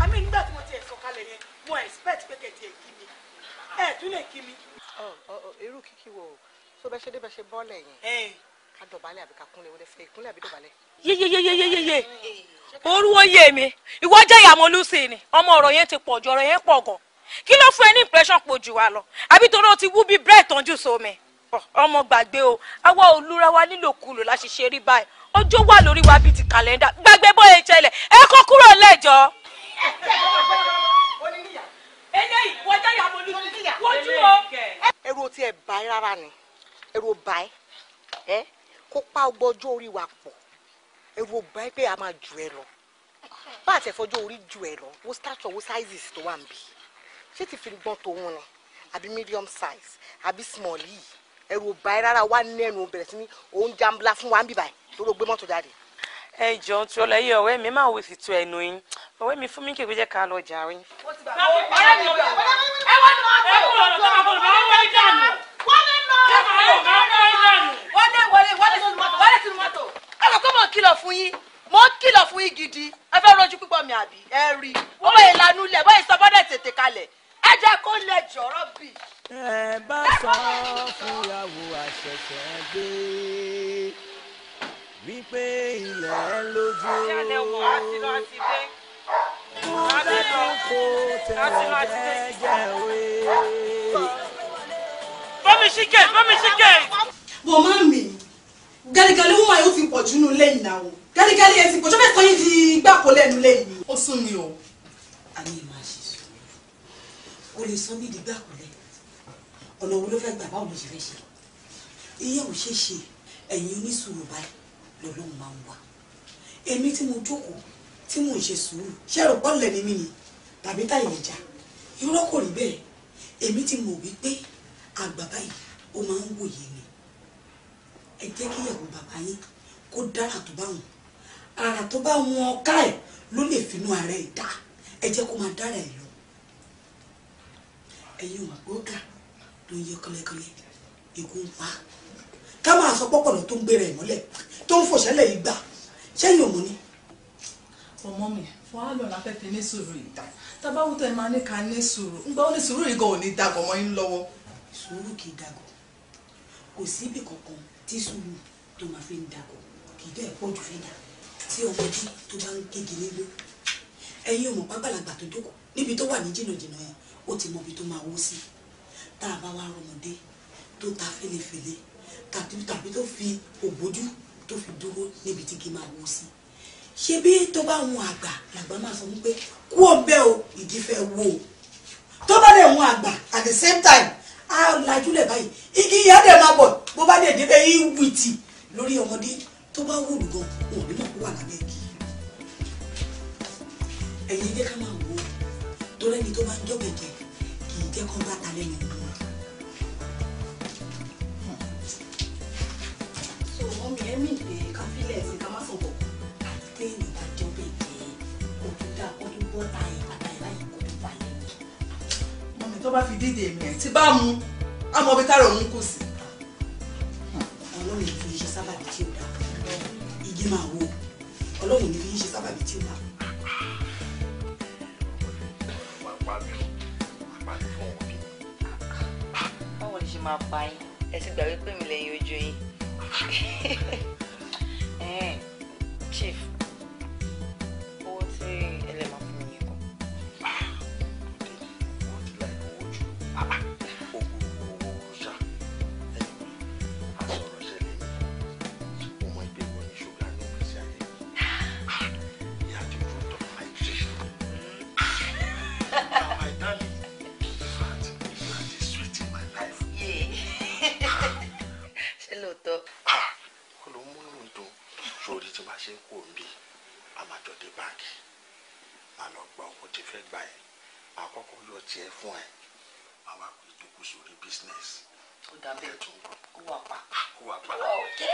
àmì nígbà tí mo ti ẹ̀ sọ̀kalẹ̀ yẹn mo expect pé kẹ̀ tiẹ̀ kí mi ẹ̀ tún lè kí mi. irú kíkí wo So bẹ́ ṣe dé bẹ́ ṣe bọ́ọ̀lẹ̀ yẹn ká dọ̀bálẹ̀ àbí ká kúnlẹ̀
wọlé fẹ́ ìkúnlẹ̀ àbí dọ̀bálẹ̀.
yeyeyeyeyeye orúwo yé mi ìwọ jẹ́ ìyàmọ̀ olùsìn ni ọmọ ọ̀rọ̀ yẹn ti pọ̀ jù ọ̀rọ̀ yẹn pọ̀ gan kí ló fún ẹ ní impression pọ̀ jù wá lọ àbí torí o ti wú bí bread tán jù sómi ọmọ gbàgbé o àwa olúra wa nílòkulò la ṣe ṣe rí báyìí ọjọ́ wà lórí wa bíi ti kàlẹ́ndà gbàgbé bóyá ìṣẹ̀lẹ̀ ẹ kó kúrò lẹ́jọ́. eléyìí wọ́n jẹ́ ìyàwó olùsìn wọ́n jù ú. ẹrù o tiẹ̀ bá ẹ rárá ni ẹrù o bá ẹ kó pa ọgbọ́n ọjọ́ orí wa pọ̀ ẹ̀rù ọba ẹ pé a máa jù ẹ lọ bá a ti fọjọ́ orí jù ẹ lọ wo stature wo sizes tó wà ń bì ṣé ti fi gbọ́n tó wọn ni àbí medium size àbí small yìí ẹ̀rù ọba ẹ rárá wà nẹ́nu bẹ̀rẹ̀ sí ní òun jambla fún wa ń bì báyìí tó ló gbé jáde. ẹ jọ̀ọ́ tí ó lọ yí ọ̀rẹ́ mi máa wo ìfìtú ẹnu yín ọ̀rẹ́ mi fún mi kì í ká lọ jà rí. ẹ wọ́n ti máa ń tẹ̀wọ̀ wọlé wọlé wọlé sínú mọ́tò wọlé sínú mọ́tò ọkọ̀ kọ́ mọ̀ kìlọ̀ fún yín mo ń kìlọ̀ fún yín gidi ẹ fẹ́ rojú pípọ̀ mi àbí ẹ rí wọ́n bá yẹn lanú lẹ̀ bọ́yìí sọ bọ́dẹ̀ tètè kalẹ̀ ẹ jẹ́ kó lẹ jọ̀rọ̀ bì.
ẹ bá sọ fúnyàwó àṣẹ̀ṣẹ̀ gbé wípé ilẹ̀ lójú kó lẹ́nu kó tẹ̀lé jẹ́jẹ́ wé. bọ́mí ṣíkè bọ́mí ṣíkè
bọ̀ má mi gẹ́gẹ́lì wúmọ̀ yóò ti pọ̀ nù lẹ́yìn náà o gẹ́gẹ́lì yẹn ti pọ̀ jọ́bẹ̀ sọyìn di gbàkó lẹ́nu lẹ́yìn. ó sún mi o àní máa ṣe sùn kò lè sọ mí di gbàkó lẹ́yìn ọ̀nà wo ló fẹ́ gbà báwo ló ṣe fẹ́ ṣe iye ò ṣe ṣe ẹ̀yin onísùúrù báyìí lọ́lọ́run máa ń wà èmi tí mo jókòó tí mò ń ṣe sùúrù ṣé ẹ̀rọ pọ́ọ̀lù ẹni mi ni tàbí táyà ìjà irọ́ kò rí bẹ́ẹ̀ èmi tí mo wí àgbà báyìí ó máa ń wòye ni ẹ jẹ́ bàbá yín kó dára tó bá wọn ara tó bá wọn ọ̀ká ẹ̀ ló lè finú ààrẹ ìdá ẹ jẹ́ kó máa dára ẹ̀ lọ ẹ̀yin wọn ló ń yẹ kọ́lẹ́kọ́lẹ́ ikú ń pa ká máa sọ pọ́pọ̀lọ́ tó ń gbéra ẹ̀ mọ́lẹ̀ tó ń fòṣẹ́lẹ̀ yìí gbà sẹ́yìn tí sùúrù tó máa fi ń dakọ̀ kì í bẹ́ẹ̀ pọ̀ jù fẹ́ dà tí ọmọdé tó bá ń kéde nígbó ẹ̀yin ọmọ pápálàgbà tó jókòó níbi tó wà ní jìnnàjìnnà yẹn ó ti mọ ibi tó máa wó sí tá a bá wá rọmọdé tó ta fèlèfèlè tàbí tó fi ògbójú tó fi dúró níbi tí kì í máa wó sí ṣé bí tó bá hun àgbà làgbà máa sọ wípé kú ọbẹ̀ o ìdí fẹ́ wó o tó bá dẹ̀ hun àgbà at the same time a á lajúlẹ̀ báyìí igi ìyá dẹ̀ máa bọ̀ bó bá dẹ̀ débẹ̀ yín wìtì lórí ọmọdé tó bá wù lù gan òun ní mọ̀ kó wà lábẹ́ igi ẹ̀yin jẹ́ ká máa wò ó tó lẹ́ni tó bá ń jọ́ bẹ̀jẹ̀ kì í jẹ́ kó bá ta lẹ́nu ọ̀hún. Bye tó bá fi díje mi ẹ̀ tí bá mu á mọ ibi tára òun kù sí. ọlọ́run ní fi ṣe sábàbí tí ó dá igi máa wo ọlọ́run ní fi ṣe sábàbí tí ó dá. báwo ni ṣe máa pa yín ẹ ti gbà wípé mi lẹ́yìn ojú yín chief
dé báńkì màá lọ gba owó tí fẹ́ gbà yẹn màá kọ́kọ́ yọ tiẹ̀ fún ẹ màá wá pé sórí bísínẹ́sì. ó dàbẹ̀ ó wà pa. wà pa. ó wà òkè.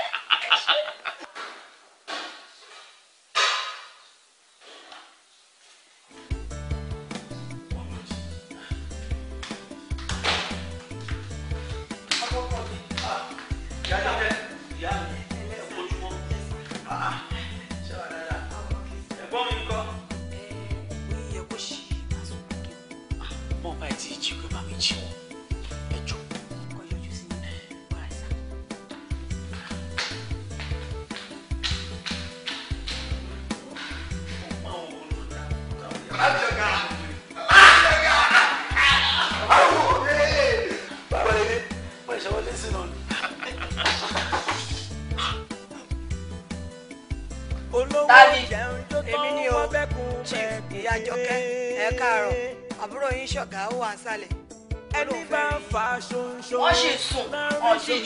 ṣe yìí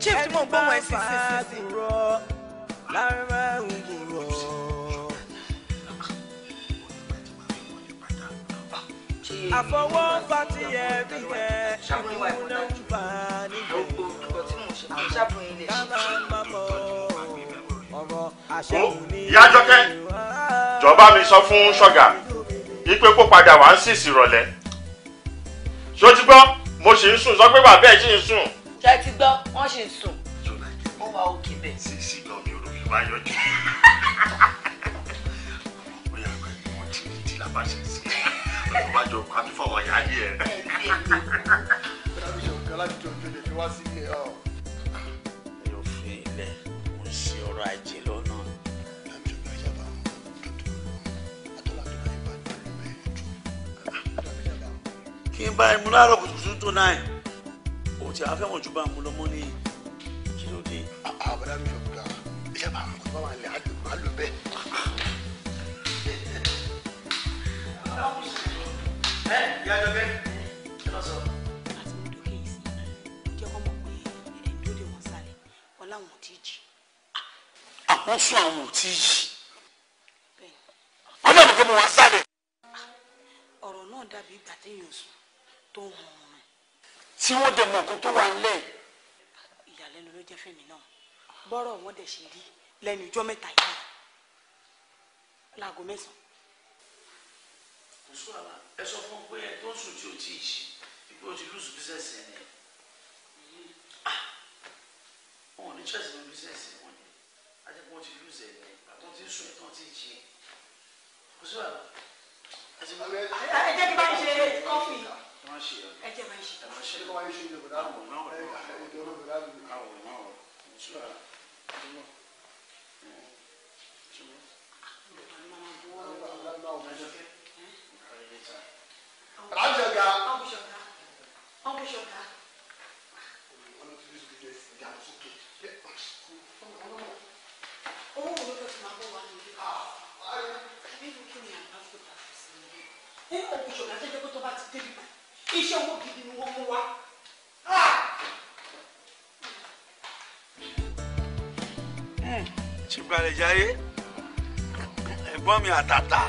chief tí mo gbóhùn ẹ sí sí sí ti yẹ bí yẹ ìlú náà bá
nílé yájọkẹ́ jọba mi sọ fún ṣọ́gà wípé kó padà wá ń sìsì rọ̀lẹ́ ṣó ti gbọ́ mo ṣì ń sùn sọ pé bàbá ẹ̀ ṣì ń
sùn. ṣe ti gbọ́ wọ́n ṣì ń sùn. ó
wà òkè bẹ́ẹ̀. sì sí lọ mi òrùn mi bá yọjú. ó yà pé mo ti rí tí làbá ṣe sí ọ̀rọ̀ bá jọ kó àbí fọwọ́ yá ní ẹ̀.
mi ò
fi ilẹ̀ mo ń ṣe ọrọ̀ ajé lọ́nà. kí n bá ẹ mú láàárọ̀ kùtù tó náà òun ti àfẹ́wọ̀n ju bá mu lọ́mọ́ ní kí ló dé. àbúrò ah, ah, mi ò gbà iṣẹ́ bá wọn kó bá wà ní àjò lò bẹ́ẹ̀.
àwọn sún
ah, àwọn ò
tí ì jì. ọlọ́run kò mọ̀ wá
ọ̀rọ̀ náà dàbí ìgbà téèyàn sùn tó ń hàn
tí wọ́n dẹ̀ mọ̀ nǹkan tó wà ńlẹ̀.
ìyàlẹ́nu ló jẹ́ fèmí náà bọ́rọ̀ wọn dẹ̀ ṣe rí lẹ́nu ìjọ́ mẹ́ta yìí láago mẹ́sàn-án.
kò sọ àlà ẹ sọ fún pé ẹ tó ń sùn tí ò tí ì ṣe ipò ti lùsù bísẹ̀sì ẹ̀ ni ah! wọn ò ní chẹ́sì ní bísẹ̀sì wọn ni ajẹ́pọ̀ ti lùsù ẹ̀ ni àtọ́ ti sùn ẹ̀ tán ti jí kò sọ àlà.
ẹ jẹ́ kí bá ń ṣe kọ́fì
ẹjẹ
máa ń ṣe. ṣé kí wọ́n yóò ṣe ìdòwò dáàbò ìdòwò dáàbò. àwọn ọ̀nà ọ̀ ṣùgbọ́n
alájọga. ọ̀bùsọ̀gá.
owó wo ló fẹ́ máa bọ̀ wá nílé.
àbí kí ni àbá fún ìbáfẹ́ sí i. ẹ ọ̀bùsọ̀gá jẹ́jẹ́ pé tó bá ti débi iṣẹ́ owó gidi
ni wọ́n mú wá.
ṣùgbọ́n jayé ẹ̀gbọ́n mi àtàtà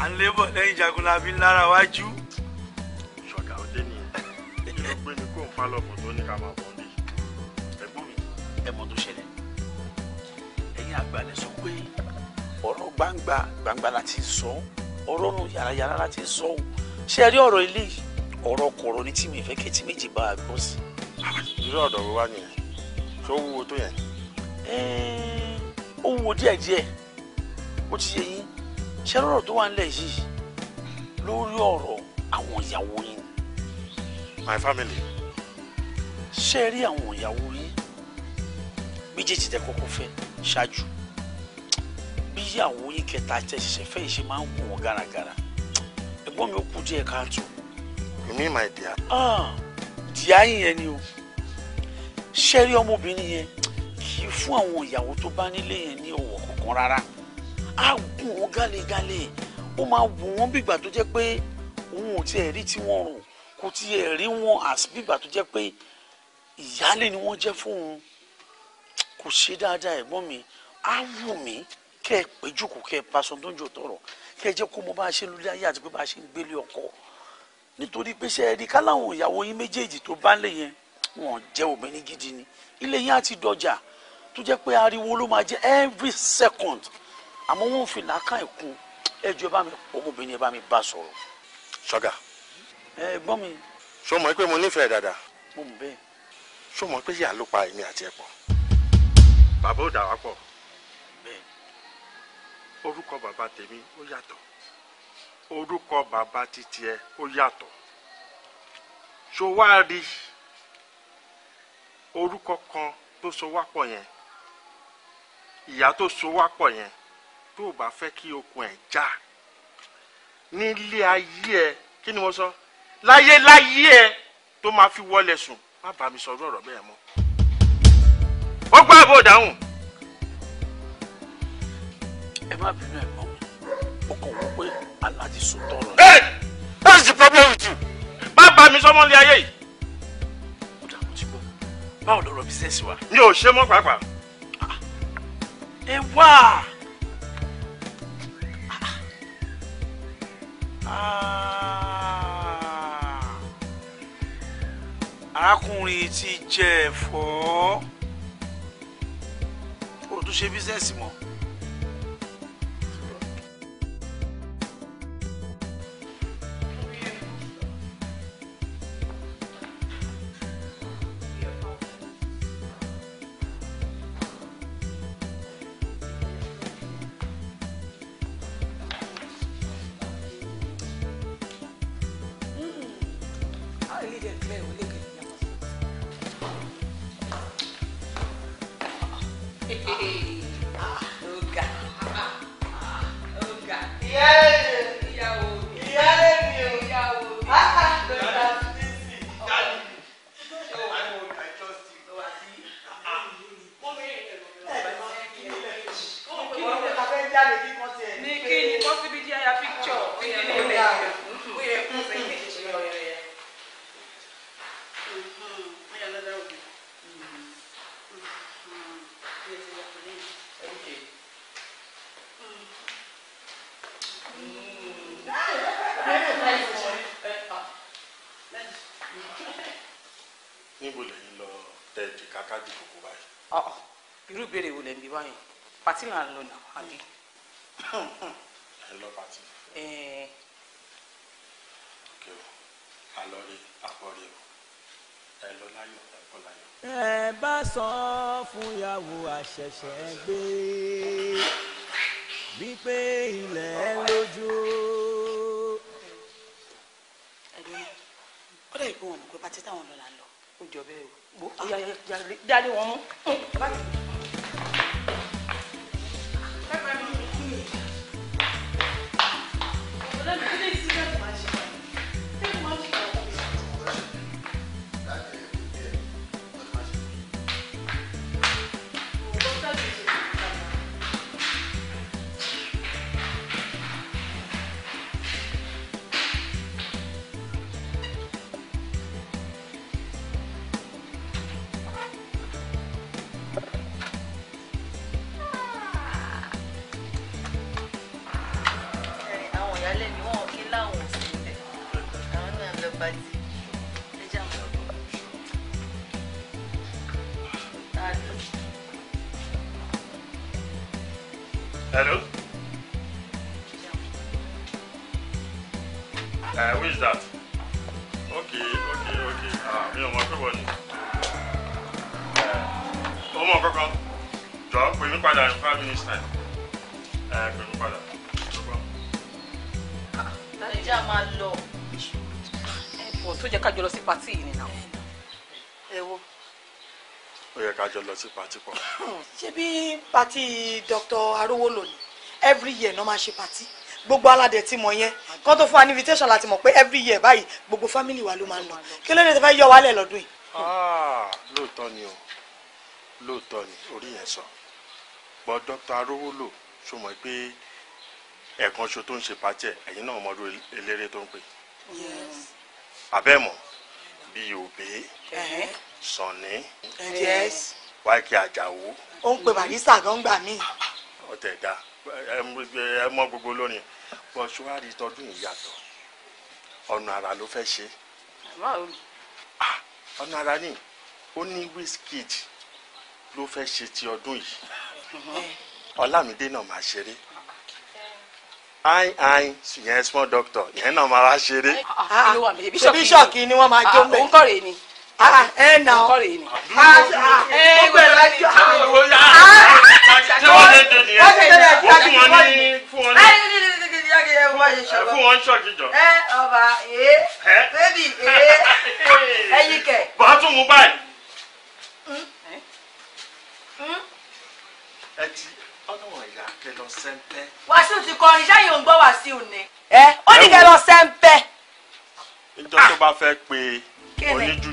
à ń lébọ̀ lẹ́yìn jagunlabi lára
wájú. ṣọ̀gá ọdẹ ni èyí ló gbé ni kó n fa lọ́pọ̀ tó ní ká máa bọ̀ ní. ẹ̀gbọ́n mi ẹ̀mọ́ tó ṣẹlẹ̀ ẹ̀yin àgbà lẹ sọ pé
ọ̀rọ̀ gbangba gbangba la ti ọ̀rọ̀ yàrá yàrá láti sọ ọ́ ṣé ẹ rí ọ̀rọ̀ ilé yìí ọ̀rọ̀ kọ̀ọ̀rọ̀ ni tí mi fẹ́ kẹ́tí méjì bá a gbọ́ sí. irú ọ̀dọ̀ wo wá nìyẹn tó wúwo tó yẹn. ó wúwo díẹ̀díẹ̀ ó ti yẹ yín ṣé ọ̀rọ̀ tó wà nílẹ̀ yìí lórí ọ̀rọ̀ àwọn ìyàwó yín. my family. ṣé ẹ rí àwọn ìyàwó yín méjèèjì tẹ kọ́kọ́ fẹ́ ṣáájú ìyàwó yìí kẹta tẹ ṣẹ̀ṣẹ̀ fẹ́ ṣe máa ń wù wọ́n gàràgàrà ẹ̀gbọ́n mi ò kú díẹ̀ káàtó. you mean my dear. dìá ah, yẹn ni o ṣẹ́rí ọmọbìnrin yẹn kì í fún àwọn ìyàwó tó bá nílé yẹn ní ọ̀wọ̀ kankan rárá á gùn wọn gálégalé ó máa wù wọ́n bìgbà tó jẹ́ pé òun ò tiẹ̀ rí tí wọ́n rò kò tiẹ̀ rí wọn àti bìgbà tó jẹ́ pé ìyáálé ni wọ́n jẹ́ fún un kò ṣe dáadáa ẹ̀gbọ́n mi á wù mí kẹ́ ẹ péjú kò kẹ́ ẹ paṣọ tó ń jò tọrọ kẹ́ ẹ jẹ́ kó mọ bá a ṣe lulẹ̀ ayé àti pé bá a ṣe ń gbélé ọkọ nítorí pé ṣe ẹni káláwọn ìyàwó yín méjèèjì tó bá lè yẹn wọn jẹ́ obìnrin gidi ni ilé yín àti dọjà tó jẹ́ pé ariwo ló máa jẹ́ every second àmọ́ wọn fi làákà ìkun ẹjọ́ ẹ bá mi ọmọbìnrin ẹ bá mi bá sọ̀rọ̀.
sọgà. ẹ gbọ́n mi. ṣó mọ̀ pé mo nífẹ̀ẹ́ dáadáa. mo mọ̀ bẹ́ẹ̀. ṣó mọ̀ pé yà ló pa èmi àti ẹ̀ pọ̀. bàbá ò dà wá pọ̀ orúkọ bàbá tèmi ó yàtọ̀ orúkọ bàbá títí ẹ ó yàtọ̀ so wá rí orúkọ kan tó so wá pọ̀ yẹn ìyá tó so yẹn tó o bá fẹ́ kí okùn ẹ̀ já nílé ayé ẹ kí ni mo sọ láyé láyé ẹ tó máa fi wọlé sùn má bàa mi sọ ọ̀rọ̀ bẹ́ẹ̀ mọ́ ó gbọ́ àbò dáhùn
ẹ má bínú ẹ mọ o kò wọ pé aláàdì sùn tọrọ.
ẹ ẹ sì problem with you má bá mi sọmọ ní ayé yìí.
ó dà mo ti gbọ́ báwo lọ̀rọ̀ bísíǹsì wa.
mi ò ṣe mọ́ pàápàá. ẹ wá.
Ah! arákùnrin ti jẹ ẹ̀fọ́ o tún ṣe bísíǹsì mọ́.
ṣẹlẹ̀ níbí báyìí pàtí là ń lọ nà àbí. ẹ lọ pàtí. òkè o àlọ́rí àkọ́rí o ẹ lọ láyọ̀ ẹ kọ́ láyọ̀.
ẹ bá sọ fún ìyàwó àṣẹ̀ṣẹ̀ gbé wípé ilẹ̀ lójú.
ẹ̀dùn kọ́dà ìpín wọn pé pàtí táwọn lọ́la ń lọ ó jọ bẹ́ẹ̀ o. bó yára yára lé wọn mú. ṣebí pati Dr. Arówólò ni every year náà máa ṣe pati gbogbo aládẹ tí mọ yẹn kán tó fún wa ní invitation láti mọ̀ pé every year báyìí gbogbo family wa ló máa ń lọ kí ló dé tó fẹ́ yọ wálẹ̀ lọ́dún
yìí. Ah, lóòótọ́ ni o lóòótọ́ ni orí yẹn sọ gbọ́ Dr. Arówólò ṣó mọ̀ pé ẹ̀ẹ̀kan ṣo tó ń ṣe pàtẹ́ ẹ̀yin náà mọ̀ ọdún eléré tó ń pè. abẹ́mọ̀ bíi òbí sọ̀ni wáìkì àjàwó.
ó ń pe barista gan gbà mí.
ọ̀tẹ̀ dá ẹ mọ gbogbo lónìí bọ́ ṣúwárì tọdún yìí yàtọ̀ ọ̀nà ara ló fẹ́ ṣe. ọ̀nà ara ni ó ní Wizkid ló fẹ́ ṣe ti ọdún yìí Ọlámídé náà máa ṣeré ayin ayin yẹn small doctor yẹn náà máa wá ṣeré.
Ah, ah, ah. ṣebí ṣọ́ọ̀kì ni wọ́n máa jó ń bẹ̀. òun
kọ̀ rè ni ẹ nà ọ
ẹ gbẹrẹ láti ọ wọ́n lè dé nìyẹn wọ́n fún wọn ní fún wọn ní fún wọn ṣọ́ọ̀kì jọ. ẹ ọba ee bébì ee ẹyin kẹ.
bàá tún mú báyìí. ẹ ti
ọlọ́wọ̀n ìyá
kẹ
lọ sẹ́ńpẹ́.
wàṣíù ti kọrin iṣẹ́ yìí ò ń gbọ́ wàṣíù ni. ẹ ó ní kẹ lọ sẹ́ńpẹ́.
níjọ́ tó bá fẹ́ pe oníjújú.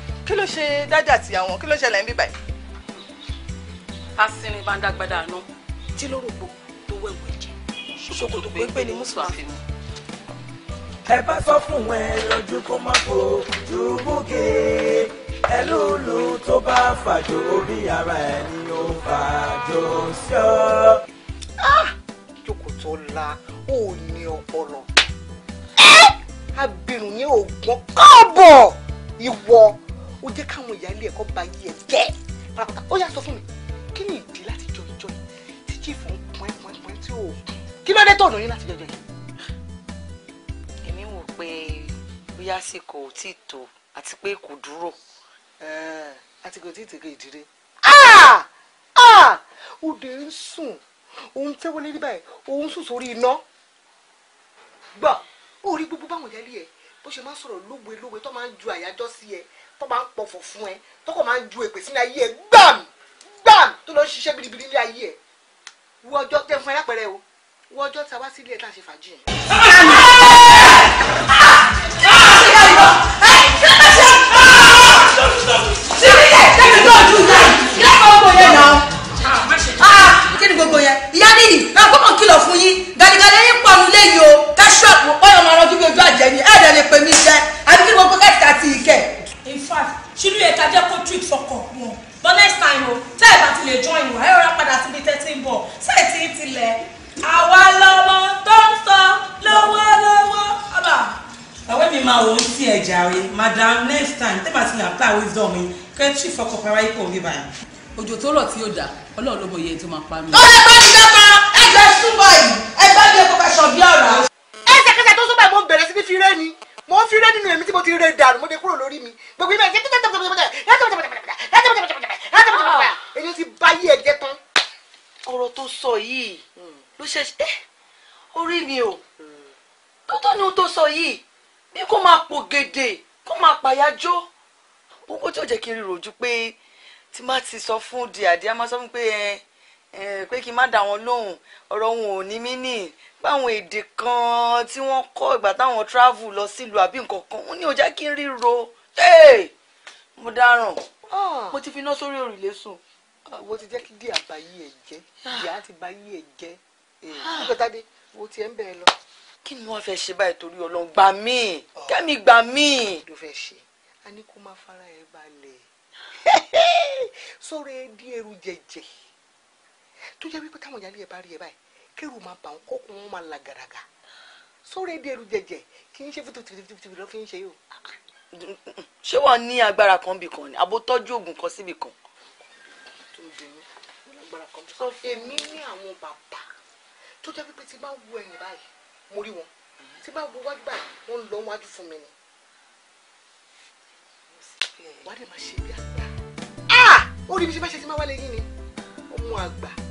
kí ló ṣe dáadáa àti àwọn kí ló ṣẹlẹ̀ ń bí báyìí. asinrin bá ń dágbádá àná tí ló rògbò tó wẹ̀wẹ̀ jẹ ṣòkòtò
pépé ni mùsùlùmí. ẹ bá sọ fún ẹ lọ́jú kó má kó dùbúkè ẹ lóòlù tó bá fàjò orí ara ẹ ni ó fàjò sí ọ. Ah!
jókòtò la ò ní ọpọlọ abirùn yẹn ò gbọ́n káàbọ̀ ìwọ ó jẹ́ káwọn ìyá ilé ẹ̀kọ́ ba yí ẹ jẹ́ pátápátá ó yá sọ fún mi kí ni ìdí láti jọ ìjọ yìí tí chief ń pọ́n pọ́n pọ́n tí ò kí ló dé tọ̀nà yín láti jọjọ yìí. èmi wò pé bóyá àsìkò tí ì àti pé kò dúró. àsìkò tí ì ìdílé. òde ń sùn òun fẹ́ wọlé rí òun sùn sórí iná gbà ó rí gbogbo báwọn ìyá ilé ẹ bó ṣe máa sọ̀rọ̀ lówe lówe tó máa ń ju àyájọ́ sí ẹ tó máa ń pọ̀fọ̀ fún ẹ tó kọ̀ máa ń ju èpè sínú ayé ẹ gbàm gbàm tó lọ ṣiṣẹ́ bìrìbìrì nílé ayé ẹ wọ ọjọ́ tẹ fún ẹ lápẹ̀rẹ̀ o wọ ọjọ́ tí a wá sílé ẹ tá a ṣe fàájì yẹn. kí ni gbogbo yẹn ìyá nìyí ẹ gbọ́dọ̀ kìlọ̀ fún yín gàdìgàdì yín pọ̀ nílé yìí o ká ṣọ́ọ̀bù ọ̀yọ́ máa rọjú bí ojú àjẹ́ ni ẹ̀ẹ́dẹ̀ lè pè mí jẹ́ àbí kí ni gbogbo kẹ́tì àti ìkẹ́ in fact ṣílú yẹn ká jẹ́ kó treat fọkàn wọn but next time o tẹ́ ẹ̀ bá ti lè join wa ẹ̀ rọra padà síbi tẹ́tí ń bọ̀ sẹ́ẹ̀tì ń tilẹ̀ àwa lọ́mọ tó ń sọ lọ́wọ́lọ́wọ́ ọba. bàbá mi máa wò ó sí ẹ̀jà rẹ̀ madam next time tẹ́ bá ti lè apply wisdom mi kẹ́ treat fọkàn para yìí kò rí báyìí. òjò tó rọ̀ tí yóò dà ọlọ́run ló mọ iye tó máa pa mi. ó lè bá mi dábàá ẹgbẹ́ súnmọ́ yìí ẹgbẹ́ mi kò fẹ́ sọ bí ọ̀rọ̀. ẹsẹ̀kẹsẹ̀ tó súnmọ́ ẹ̀ mo ń mo fi rẹ nínú èmi tí mo ti rẹ dànù mo de kúrò lórí mi gbogbo ibẹ̀ èyí ti bá yí ẹ̀jẹ̀ tán. ọ̀rọ̀ tó sọ yìí ló ṣe ẹ orí mi o tó tó ni ohun tó sọ yìí bí kò máa pò gèdè kò máa pàyàjọ gbogbo tí ó jẹ́ kí n rojú pé tí má ti sọ fún di àdí a máa sọ fún pé ẹ Eh, pé kí n má dá wọn lóhùn ọ̀rọ̀ wọn ò ní mí nì báwọn èdè kan tí wọ́n kọ́ ìgbà táwọn travel lọ sílùú àbí nǹkan kan wọ́n ní ó jẹ́ kí n ríro mo dáràn ah! mo ti fi iná sórí òrùlé sùn. Ah, wo ti jẹ́ kí díẹ̀ àbáyé ẹ̀ jẹ́ ìyá ah! ti báyé ẹ̀ jẹ́ eh, nígbàtàdé wo ti ẹ̀ ń bẹ̀rẹ̀ lọ. kí ni wọ́n fẹ́ ṣe báyìí torí ọlọ́run gbà mí oh. kẹ́mi gbà mí. ló fẹ́ ṣe a ní kó má fara ẹ̀ balẹ̀ sórí di ẹrù jẹjẹ tó jẹ́ wípé táwọn ìyáálé ẹ bá rí ẹ báyìí kẹrù máa bà wọn kókun wọn máa la gàràgà sórí èdè ẹrù jẹjẹ kì í ṣe fún tìbìtìbìtìbì lọ́ fi ń ṣe yìí o. ṣé wàá ní agbára kan bì kan ni àbó tọ́jú oògùn kan síbì kan. èmi ní àwọn bàbá tó jẹ́ wípé tí bá wo ẹ̀yìn báyìí mo rí wọn tí bá wo wájú báyìí wọ́n ń lọ wájú fún mi ni. wàá dẹ̀ máa ṣe bí àgbà. Ah! ó rí bí ṣe bá ṣe ti máa wálé yín ni ọmọ àgbà.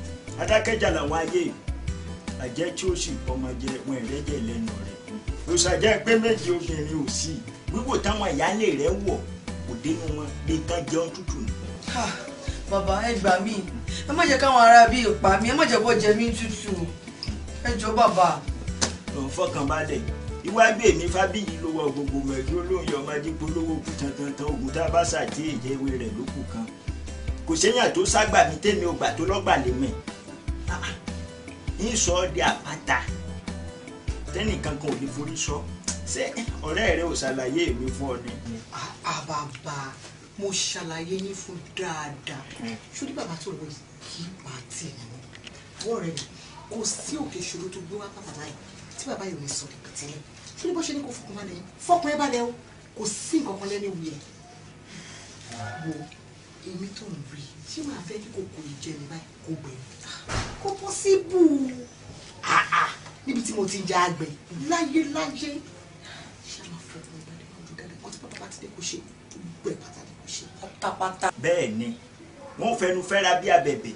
adákẹ́jà làwọn ayé àjẹ́ tí ó sì bọ́mọ jẹ wọn ìrẹ́jẹ lẹ́nu rẹ̀ òṣàjẹ́ pé méjì obìnrin ò sí wíwò táwọn ìyáálé rẹ̀ wọ̀ òde nu wọn bí tán jẹun tútù nù.
bàbá ẹ gbà mí ẹ má jẹ́ káwọn ará bíi pa mí ẹ má jẹ́ bọ́ jẹ mí tútù ẹ jọ bàbá. lọ fọkàn
balẹ̀ iwájú èmi fábíyì ló wọ gbogbo mẹ̀rí olóyè ọmọdé polówó kú tantantan ogun tá a bá ṣàtì ìjẹ́wé rẹ̀ lókù kan kò séyàn tó ságbà mi tẹ́mi ò tó lọ́gbà lé mẹ́ Ah, ń sọ ọ́ di àpáta tẹ́nìkan kan ò ní forí sọ ṣé ọ̀rẹ́ rẹ ò ṣàlàyé mi fún ọ ni. àbàbà
ah, ah, mo ṣàlàyé yín fún dáadáa ṣórí bàbá tó wọ yìí máa tì mí wọ́n rẹ̀ kò sí òkè ìṣòro tó gbé wá bàbá yìí tí bàbá yìí ò ní sọ nǹkan tẹ́lẹ̀ ṣórí bó ṣe ní kò fọkàn balẹ̀ fọkàn ẹ balẹ̀ o kò sí nǹkan kan lẹ́nu ìwé ẹ̀ wo èmi tó ń rí ṣé màá fẹ́ kí kòkòrò jẹ báyìí kò gbẹ̀mí kò pọ́síbù ah, ah. níbi tí mo ti ń jẹ àgbẹ̀ láyé láyé
bẹ́ẹ̀ ni wọ́n fẹnu fẹ́ra bí abẹ̀bẹ̀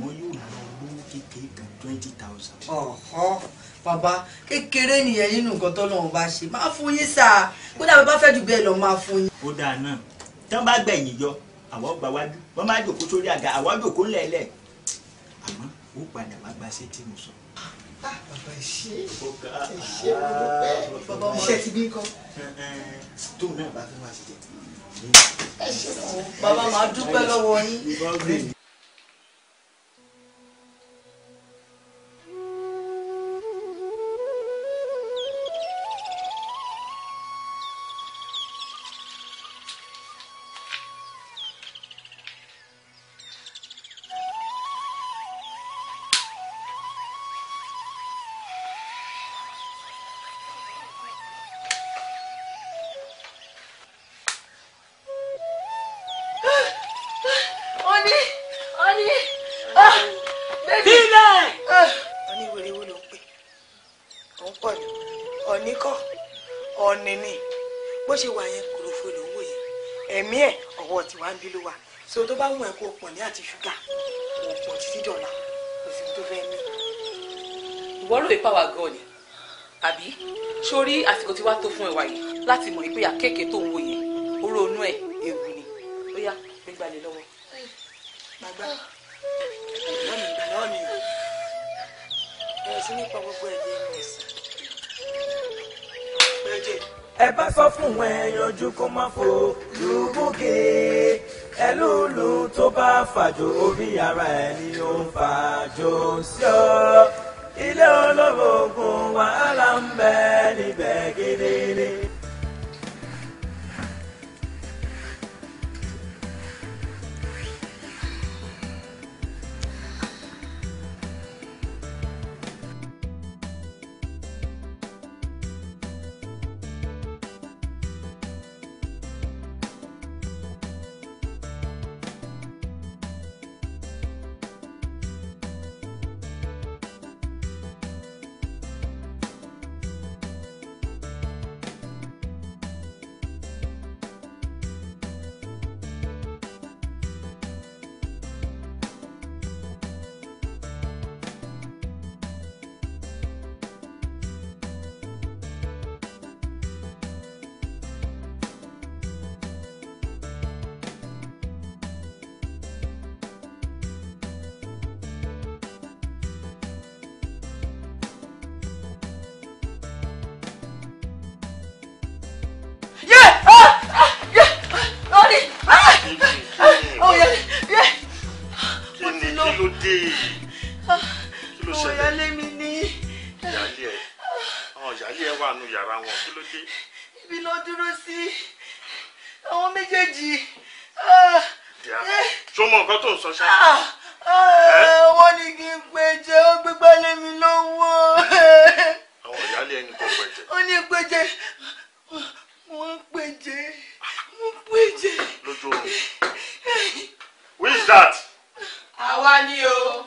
wọn yóò lọ owó kékeré kan twenty thousand. ọ̀họ́ bàbá kékeré nìyẹn nínú nǹkan tọ́lọ́run bá ṣe máa fún yín sáà kódà bàbá fẹ́ jù bẹ́ẹ̀ lọ máa fún yín. ó
dáa náà tí wọ́n bá gbẹ̀yìn yọ àwọn gbà wájú wọ́n máa jòkó sórí àga àwọn jòkó ńlẹ̀ẹ́lẹ̀ ó padà wá gba sí tí mo sọ. Ah, bàbá
ìṣe ìṣe mo dúpẹ́ ah, bàbá ìṣe ti
bí nǹkan. Eh, eh, tóun náà bá fẹ́ wá sí
jẹ. bàbá máa dúpẹ́ lọ́wọ́
yín.
so tó bá wù ẹ́ kó o pọ̀ ní àti ṣúgà kò pọ̀ títí dọ̀la kò sí tó fẹ́ ní. ìwọ rò ipá wa gan ni àbí sórí àsìkò tí wàá tó fún ẹwà yìí láti mọ̀ ìpéyà kéèké tó ń wò yẹn oró inú ẹ̀ ewu ni ó yá gbégbá lè lọ́wọ́.
gbàgbá
ìgbà mi ìgbà lọ́wọ́ mi ò ẹ̀ sí nípa gbogbo ẹ̀jẹ̀ mi ẹ̀sìn. ẹ bá sọ fún wọn ẹ yanjú kó má fò lùbùkè ẹlúùlù tó bá fàjò orí ara ẹ ni ó ń fàjò sí ọ ilé olórogún wàhálà ń bẹ níbẹ̀ gidigidi.
wọ̀ kí ló dé.
ibi ló dúró sí àwọn méjèèjì.
ṣó mọ nǹkan tó ń sọ ṣáà. Ah,
ah, wọ́n ní kí n pè jẹ́ ó gbégbá lé mi lọ́wọ́.
àwọn ìyáálé ẹni kò pè jẹ́.
ó ní pè jẹ́ wọ́n pè jẹ́ wọ́n
pè jẹ́. lójú oorun who is that.
àwa ni o.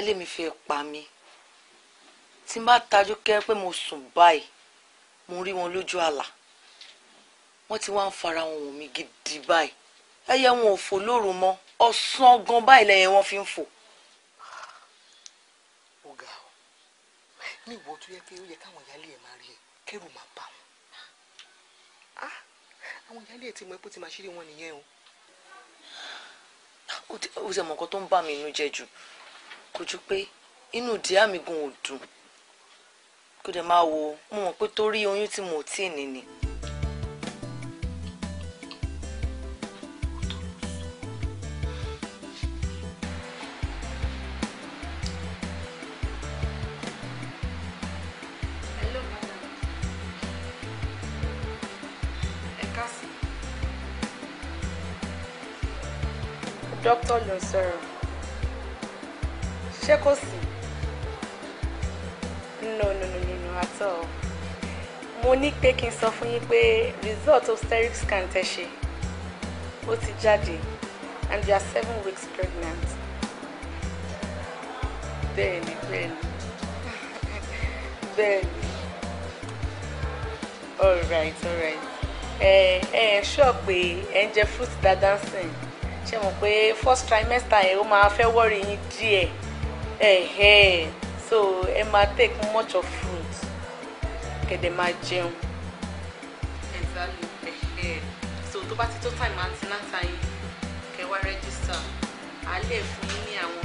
lèmi fi pa mi tí n bá tajú kẹ́ pé mo sùn báyìí mo rí wọn lójú àlá wọ́n ti wá ń fara wọn wò mí gidi báyìí ẹyẹ wọn ò fò lóru mọ́ ọ̀sán gan báyìí lẹ́yìn wọn fi ń fò. ó ga ọ ní ìwọ tó yẹ pé ó yẹ káwọn ìyáálé ẹ máa rí ẹ kẹrù máa bá wọn ah! àwọn ìyáálé ẹ ti mọ epo ti máa ṣírí wọn nìyẹn o. ó ti mọ nǹkan tó ń bà mí inú jẹ́ jù kò ju pé inú ìdí àmì gan ò dùn kó dẹ̀ máa wo mo mọ̀
pé torí oyún tí mo tí ní ni.
Dókítà ló ń ṣé kò sí no no no no no at all mo ní pé kí n sọ fún yín pé result obstetric scan tẹ́ ṣe ó ti jáde and you are seven weeks pregnant bẹ́ẹ̀ni bẹ́ẹ̀ni bẹ́ẹ̀ni all right all right ẹ ẹ sọ pé ẹ ń jẹ fruit dáadáa sìn ṣé mo pé first trimester ẹ ó máa fẹ́ wọ́ọ̀rì yín díẹ̀ ẹ̀hẹ́ so ẹ máa take much of fruit kẹ̀dẹ̀ máa jẹun. exactly ẹ̀hẹ́ so tó bá ti tó time antinata yìí kẹ́ wá register a lè fún yín ní àwọn.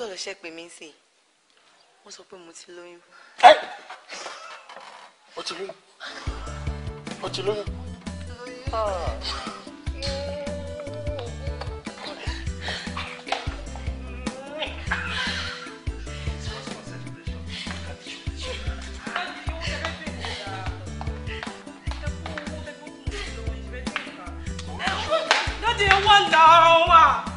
dókítà ló ṣe pè mí sí i wọ́n sọ pé mo ti lóyún.
o ti lóyún o ti lóyún.
Wonder, wow.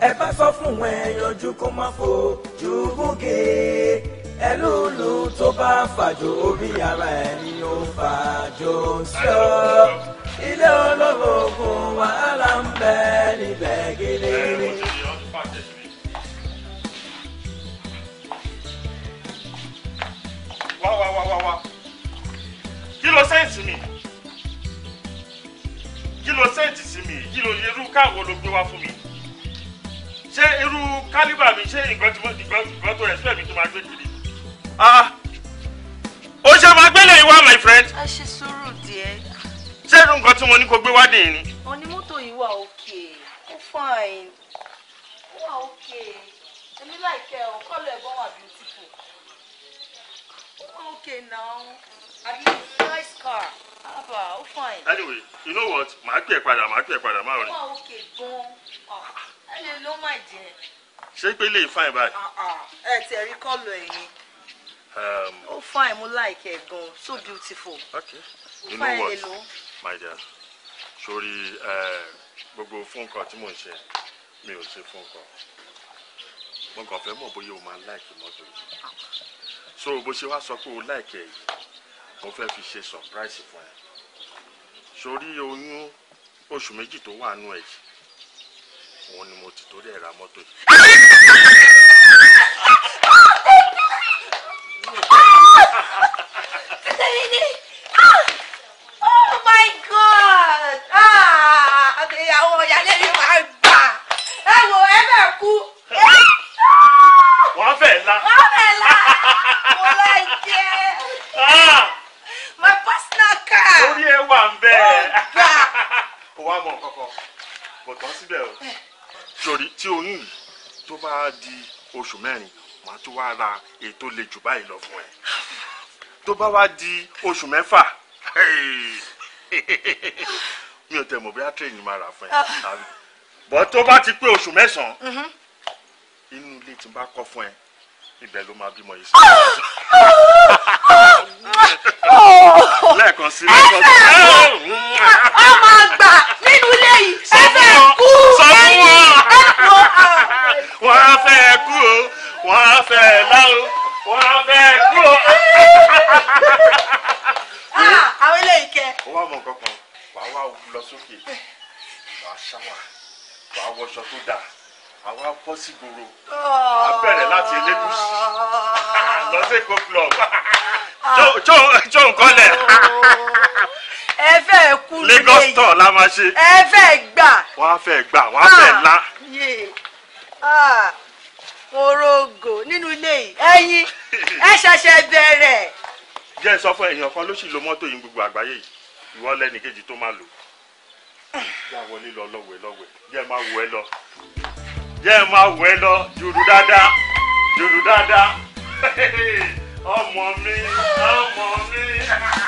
ẹ bá sọ fún wọn ẹ yanjú kó má fojú gúnge ẹ lóòlù tó bá fàjò orí ara ẹ ni ó fàjò sọ ilé olóògùn wàhálà ń bẹ níbẹ̀ gẹ́gẹ́.
wá wá wá wá wá kí ló mi kí ló sí mi kí irú káwo ló gbé wá fún mi ṣé irú kálíbà mi ṣé nǹkan tí mo nǹkan tó ẹ̀sùn ẹ̀mí tó máa gbé kiri. Ah, ó ṣe máa gbélé ìwá my friend.
a ṣe sùúrù díẹ̀.
ṣé irú nǹkan tí mo ní kó gbé wádìí ni.
onímọ́tò yìí wà òkè
ó fine
ó wà òkè èmi láìpẹ́ ọ̀ kọ́lọ̀ ẹ̀gbọ́n wà beautiful ó wà òkè náà at least
nice car. Abba, ó fine.
anyway you know what màá pè é padà màá pè é padà máa rìn. ó
wà òkè gan-an. Ah ẹ lè ló má jẹ.
ṣé pé lè fine báyìí.
Uh-uh.
ẹ ti ẹ̀rí kọ́lọ̀ ẹ̀yìn.
Um, ó
fine mo like ẹ̀ gan so beautiful.
okay you know what my dear sori gbogbo fún nǹkan tí mò ń ṣe mi ò ṣe fún nǹkan mo kàn fẹ́ mọ̀ bóyá o máa like mọ́tò yìí so bó ṣe wá sọ pé o like ẹ̀ yìí mo fẹ́ fi ṣe surprise fún ẹ sori oyún oṣù méjì tó wà nù ẹ̀ yìí òun ni mo ti torí ẹ̀ ra mọ́tò yìí. Ah! Oh
ah! ah! Orí
ẹ wà ń bẹ́ẹ̀. Wàá mọ̀ kankan, kò síbẹ̀ o. Eh sórí tí oyún yìí tó bá di oṣù mẹ́rin màá tún wá ra èyí tó le jù báyìí lọ fún ẹ tó bá wá di oṣù mẹ́fà mi ò tẹ̀ mọ̀ bí atréyìn máa rà fún ẹ bọ́ tó bá ti pé oṣù mẹ́sàn-án inú ilé tí n bá kọ́ fún ẹ ibẹ̀ ló máa bímọ yìí sí. lẹ́ẹ̀kan sí lẹ́ẹ̀kan
sí. ọmọ àgbà nínú ilé yìí ẹ fẹ́ kú ẹ̀yìn wọ́n á fẹ́ kú o wọ́n á fẹ́ lá o wọ́n á fẹ́ kú o. Ah, àwọn eléyìí kẹ.
ó wà mọ nǹkan kan wà á wá lọ sókè wà á ṣáwà wà á Lagos ah. tour la máa ṣe
ẹ fẹ́ gbà
wọ́n á fẹ́ gbà wọ́n á ah. la
yé orogo ah, nínú ilé yìí ẹ̀yin ẹ ṣẹ̀ṣẹ̀ bẹ̀rẹ̀.
jẹ́ ń sọ fún ẹ̀yin ọ̀kan ló sì lo mọ́tò yìí gbogbo àgbáyé yìí ìwọ lẹ́ni kejì tó máa lò yà wọlé lọ lọ́wẹ̀ lọ́wẹ̀ jẹ́ máa wọ ẹ lọ jẹ́ máa wọ ẹ lọ jùrù dáadáa jùrù dáadáa ọmọ mi ọmọ mi.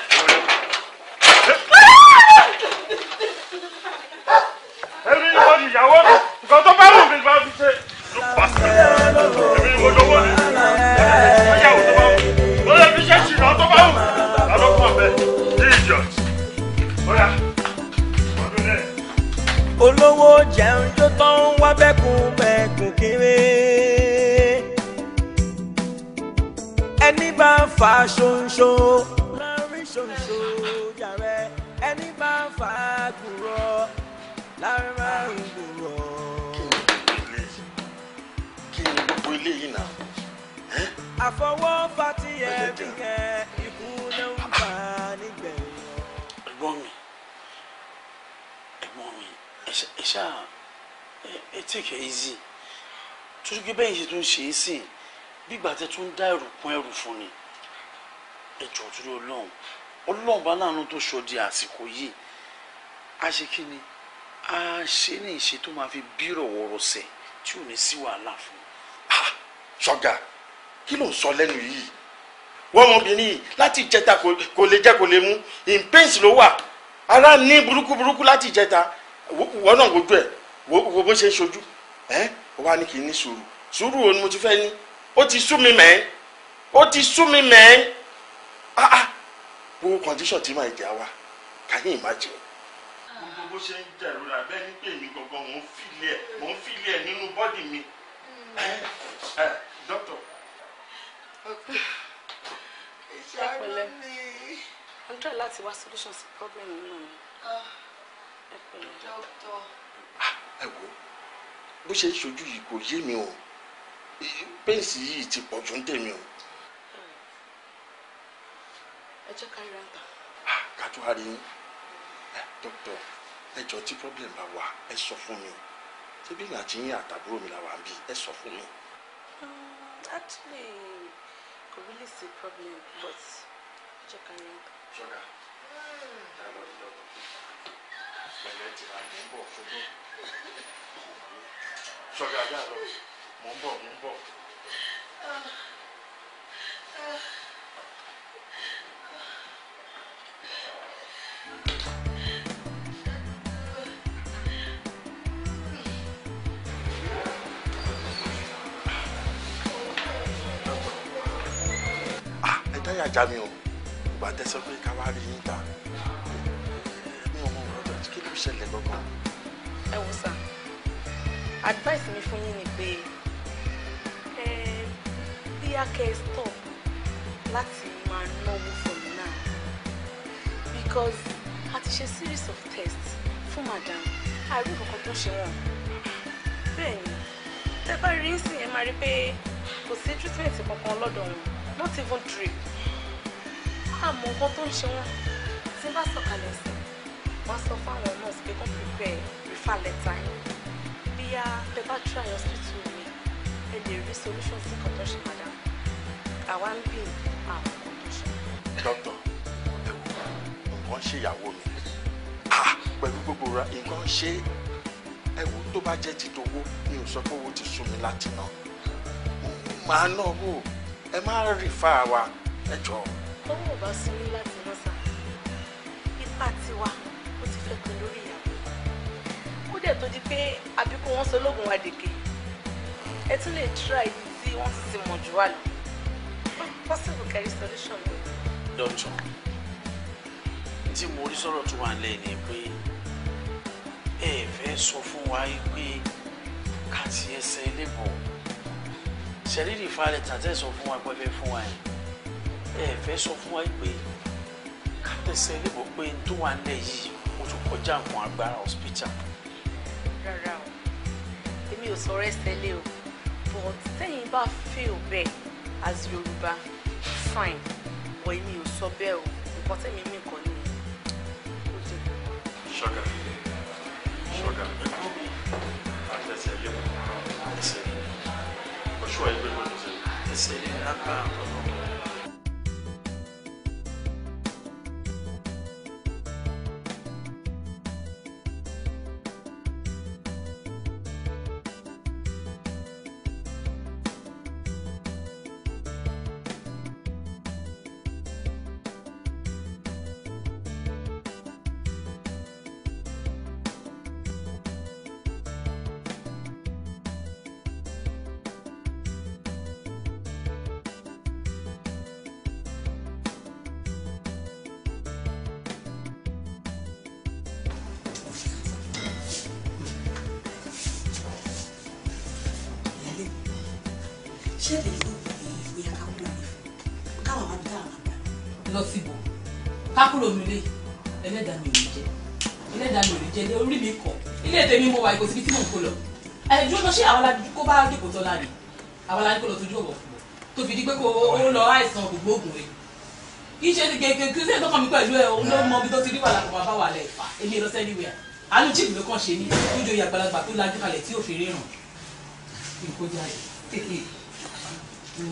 èmi ni mo nìyàwó mi nǹkan tó bá wù mí máa fi ṣe ló pa sí èmi ni mo lówó ni ẹ̀yàwó tó bá wù mo lè fi ṣe ṣìnà tó
bá wù lọ́dọ̀ fún ọ̀bẹ idiot ọ̀yà ọdún náà. olówó jẹun tó tán wá bẹ́kùn bẹ́kùn kéré. ẹni bá fa ṣonṣon. fàgùrọ̀ lára ìgbòrò. kí ni gbogbo eléyìí náà. àfọwọ́fà ti ẹ̀mí kẹ́ ikú ló ń
bá nígbẹ̀yìn. ẹ̀gbọ́n mi ẹ̀gbọ́n mi ẹ ṣáà ẹ take it easy torí pé bẹ́ẹ̀ ṣe tún ṣe é sìn bígbà tẹ tún dá ẹrù kún ẹrù fún ni ẹ jọ̀ọ́ torí Ọlọ́run Ọlọ́run bá láàánú tó ṣòdi àsìkò yìí á ṣe kí ni á ṣe ní ìṣe tó máa fi bí rọ̀wọ̀rọ̀ sẹ̀ tí ò ní sí wàhálà fún un.
ṣọ́gà kí ló ń sọ lẹ́nu yìí wọ́n ọmọbìnrin yìí láti ìjẹta kò lè jẹ́ kò lè mú in pains ló wà ara ní burúkú burúkú láti ìjẹta wọ́n náà wojú ẹ̀ wo bó ṣe ń ṣojú ẹ́ ó wá ní kí n ní sùúrù sùúrù òun mo ti fẹ́ ní ó ti sú mi mẹ́ẹ́ ó ti sú mi mẹ́ẹ́ ah ah gbogbo condition tí màá jẹ́ wa kàyìn ìmájẹ́ bó ṣe ń dẹ̀rù rà bẹ́ẹ̀ ní pé èmi gangan mò ń fìlẹ̀ mò ń fìlẹ̀ nínú bọ́dì mi. Hmm. dókítà. ìṣàlù mi.
ó ń tọ́ láti wá solution sí problem náà ni. Ah. dókítà.
Ah, ẹ wo bó ṣe ń ṣojú yìí kò yé mi o pẹ́ǹsì yìí ti pọ̀ jù ń tèmi o.
ẹ
jẹ́ ká rí ra ń tà.
Ah, ká tó yín eh, dókítà ẹ tí problem bá wà ẹ sọ fún mi ṣébí ìlà tí yín àtàbúrò mi làwọn àbí ẹ sọ fún mi.
Um, actually kò really see problem but ó jẹ́ ká yẹn.
mò ń bọ̀ mò ń bọ̀. Ah, ah, yà já mi o ìgbà tẹsán pé ká wá rí yín ta mi ò mọ ọ̀rọ̀ kí ló ṣẹlẹ̀ gbọ̀ngàn.
ẹ wò sá advice mi fún yín ni pé ẹ bí akẹ́ stop láti máa náwó for me now because a ti ṣe series of tests fún madam àìrí kankan tó ṣe wọn bẹ́ẹ̀ ni tẹ́ bá rí sí ẹ máa rí pé kò sí treatment kankan lọ́dọ̀ wọn not even drip mọ nǹkan tó ń ṣe wọn tí bá sọ̀kalẹ̀ sí wọ́n sọ fáwọn nurse pé kó prepare refer letter yẹn bí a pẹ bá try hospital mi ẹ lè rí solution sí nǹkan tó ṣe padà àwa ń bì àwọn nǹkan tó ṣe.
dókítà nǹkan ṣe ìyàwó mi ah, pẹ̀lú gbogbo ra nǹkan ṣe ẹ̀wù tó bá jẹ́ ti dowó mi ò sọ pé owó ti sú mi láti ná màá náwó ẹ má rí fáwa ẹ jọ̀ọ́
tọ́wọ́ ò bá sún yín láti rọ́ṣà ipa tiwa ó ti fẹ́ pin lórí ìyàwó ó dẹ̀ tó di pé àbíkú wọn sọ lóògùn wa ẹ tún lè try
tí wọ́n ti ti mọ̀
jù wá lọ possible carry solution lọ.
dọ́tọ̀ tí mo rí sọ̀rọ̀ tó wà lẹ́yìn ni pé ẹ fẹ́ sọ fún wa pé ká ti ẹsẹ̀ ilé bọ̀ ṣẹlẹ́rì falẹ̀ tàtẹ́ sọ fún wa pé fẹ́ fún wa yìí ẹ fẹ́ sọ fún wa pé ká tẹ̀sẹ̀ níbọ̀ pé n tó wà nílẹ̀ yìí ó tún kọjá àwọn agbára hospital.
rárá o èmi ò sọ rẹ́sẹ̀ lé o but tẹ́yìn bá feel bẹ́ẹ̀ as Yorùbá fine but èmi ò sọ bẹ́ẹ̀ o nǹkan tẹ́mi mi kàn ní.
ṣọ́gà ṣọ́gà àtẹ̀sẹ̀ lé o àtẹ̀sẹ̀ lé o oṣù àìgbẹ́ ló ń tẹ̀sẹ̀ lé lápá ọ̀nà.
ṣé lè yóò bí ìwé kákúrò ní fún káwọn máa dá àwọn àgbà. lọ síbò kákúrò nílé ẹlẹ́dàá mi ò ní jẹ ẹlẹ́dàá mi ò ní jẹ ní orí mi kọ ilé ètò mi mo wà ìkòsí bí tí mò ń kó lọ. ẹ dúró ṣé àwọn aládùúgbò kó bá dèkò o lọ àìsàn gbogbogbò rẹ̀ iṣẹ́ ti gẹ́gẹ́ kí ṣe tọkàn mi pẹ̀lú ẹ̀ òun ló mọ ibi tó ti rí wà lápò bàbá wà lẹ̀ fà èmi lọ sẹ́ni wíyà àánú jíìpù ló kàn ṣe ní lójó ìyàgbàlagbà tó lajú kalẹ̀ tí ò fi rí ìyáálé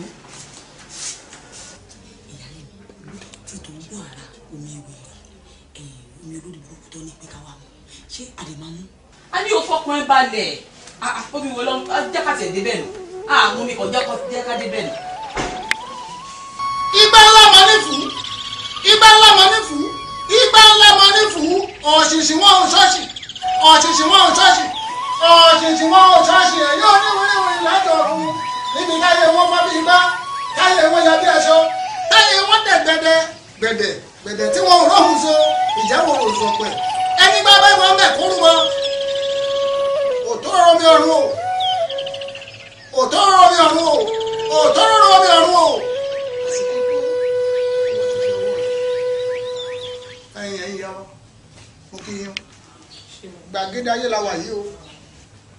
lórí tí tó ń bọ̀ ara omi ìwé omi olórí burúkú ńlá máa ní fún ìgbà ńlá máa ní fún ìgbà ńlá máa ní fún ọ̀ṣìṣì wọn ò ṣọ́ọ̀ṣì ọ̀ṣìṣì wọn ò ṣọ́ọ̀ṣì ọ̀ṣìṣì wọn ò ṣọ́ọ̀ṣì ẹ̀ yóò níwèé níwèé níbi táyé wọn mọ́ bí igbá táyé wọn yọ bí aṣọ táyé wọn dẹ̀ gbẹ̀dẹ̀ gbẹ̀dẹ̀ gbẹ̀dẹ̀ tí wọn ò rọ́hùn so ìjà wọn ò sọ pẹ̀ ẹni bá bá wọn bẹ̀ kúrú wọn òtóró mi ọ̀run o òtóró mi ọ̀run o
òtóró mi ọ̀run o.
gbàgede ayé la wà yìí o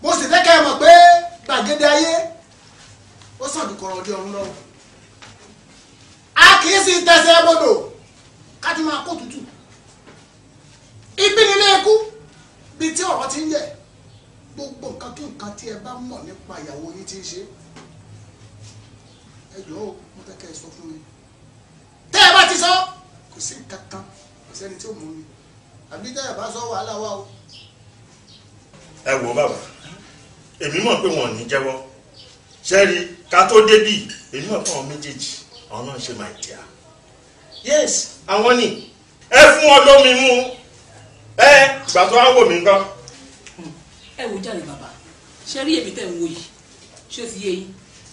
mo sì fẹ́ kẹ́ ẹ mọ̀ pé gbàgede ayé ó sàdù kọ̀rọ̀ ọdẹ ọ̀run lọ́wọ́ a kì í sì tẹsẹ̀ gbọdọ̀ ká ti máa kó tutù ibi nílé ikú
bí tí ọ̀rọ̀ ti ń
yẹ gbogbo nǹkan kí nǹkan tí ẹ bá mọ̀ nípa ìyàwó yín ti ń ṣe ẹ jọ̀ọ́ mo fẹ́ kẹ́ ẹ sọ fún mi tẹ́ ẹ bá ti sọ kò sí nǹkan kan kò sẹ́ni tí ò mú mi àbí tẹ́ ẹ bá sọ wàhálà wa o.
ẹ wo bàbá èmi mọ̀ pé wọn ò ní jẹ́wọ́ sẹ́ẹ̀rì ká tó débì èmi ọ̀pọ̀ àwọn méjèèjì àwọn náà ṣe máa dìá yes àwọn ni ẹ fún wọn lómi mú ẹ ìgbà tó wá wò mí nǹkan.
ẹ wo jáde bàbá ṣe rí èmi tẹ̀ ń wo yìí ṣé ti yé yín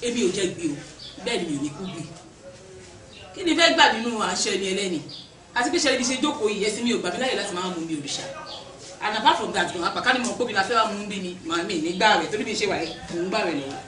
èmi ò jẹ́ gbé o bẹ́ẹ̀ ni mi ò ní kú gbé kí ni fẹ́ẹ́ gbà nínú àṣẹ ẹni ẹlẹ́ni àti pé ṣẹlẹ́bí ṣe jókòó yìí ẹsìn mi ò gbà mí láyè láti máa mú mi òrìṣà and apart from that gan apàkánimọ̀ pé obìnrin afẹ́ wa mú mi ni màmí nígbà rẹ̀ torí mi ṣe wà ẹ̀ mò ń rẹ̀ lọ́wọ́.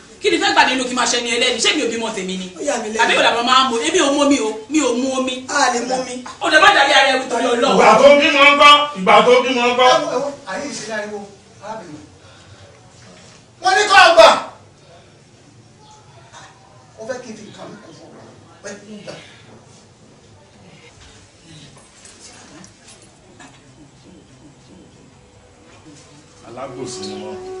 kí ni fẹ́ gbà nínú kí n máa ṣe ni ẹlẹ́ni
ṣé mi ò bímọ tèmi ni àbí ìwà làwọn
máa ń èmi ò mú mi o mi ò mú omi. a lè mú mi.
o lè má dàbí ara ẹrù torí ọlọ́run. ìgbà tó bímọ ń gbọ́ ìgbà tó bímọ ń gbọ́.
àyè ìṣẹ̀lẹ̀ ariwo arábìnrin wọ́n ní kó a gbà ó fẹ́ kí n fi kàn mí kó fún ọ gbà.
alágbòsí ni wọ́n.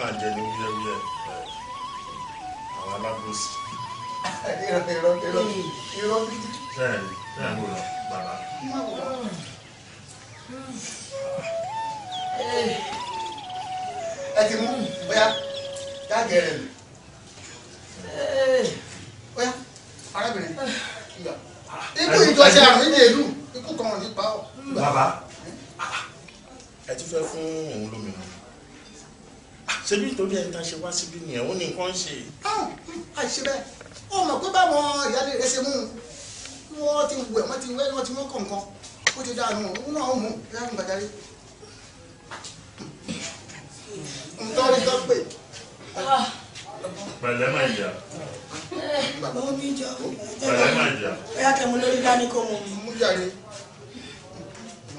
máa jẹ ní wíyẹwíyẹ àwọn alábòsí. irọ́ irọ́ irọ́ irọ́ gidi. bẹ́ẹ̀ ni bẹ́ẹ̀ mo lọ bàbá.
ẹ ti mú bóyá dáàgẹ̀ rẹ̀ mi.
bóyá arábìnrin ìgbà
ikú ìjọsẹ àrùn ilé ìlú ikú kan ò ní pa ọ́. bàbá
ẹ ti fẹ́ fún òun lómìnira ṣebí ìtòrí ẹ̀ ta ṣe wá síbí nìyẹn ó ní nǹkan ṣe.
àìṣe bẹ́ẹ̀ ó mọ̀ pé báwọn ìyáálé rẹ̀ ṣe mú un wọ́n ti wẹ̀ wọ́n ti wẹ̀ wọ́n ti mú kọ̀ọ̀kan ó ti dáa nù ún náà ó mú láàrin gbàdárí. ntọ́rí tó pè. pẹ̀lẹ́ máa jà. bàbá omi jà. pẹ̀lẹ́ máa jà. ó yà kẹ́mu lórí dání kó mu. mú jàre.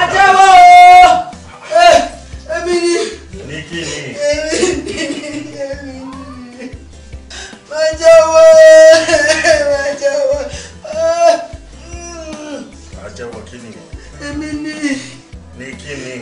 ajẹ́wọ́ o èmi ni èmi
ni
èmi ni
ajẹ́wọ́
ajẹ́wọ́ mm.
ajẹ́wọ́ kí ni èmi ni ní kí ni.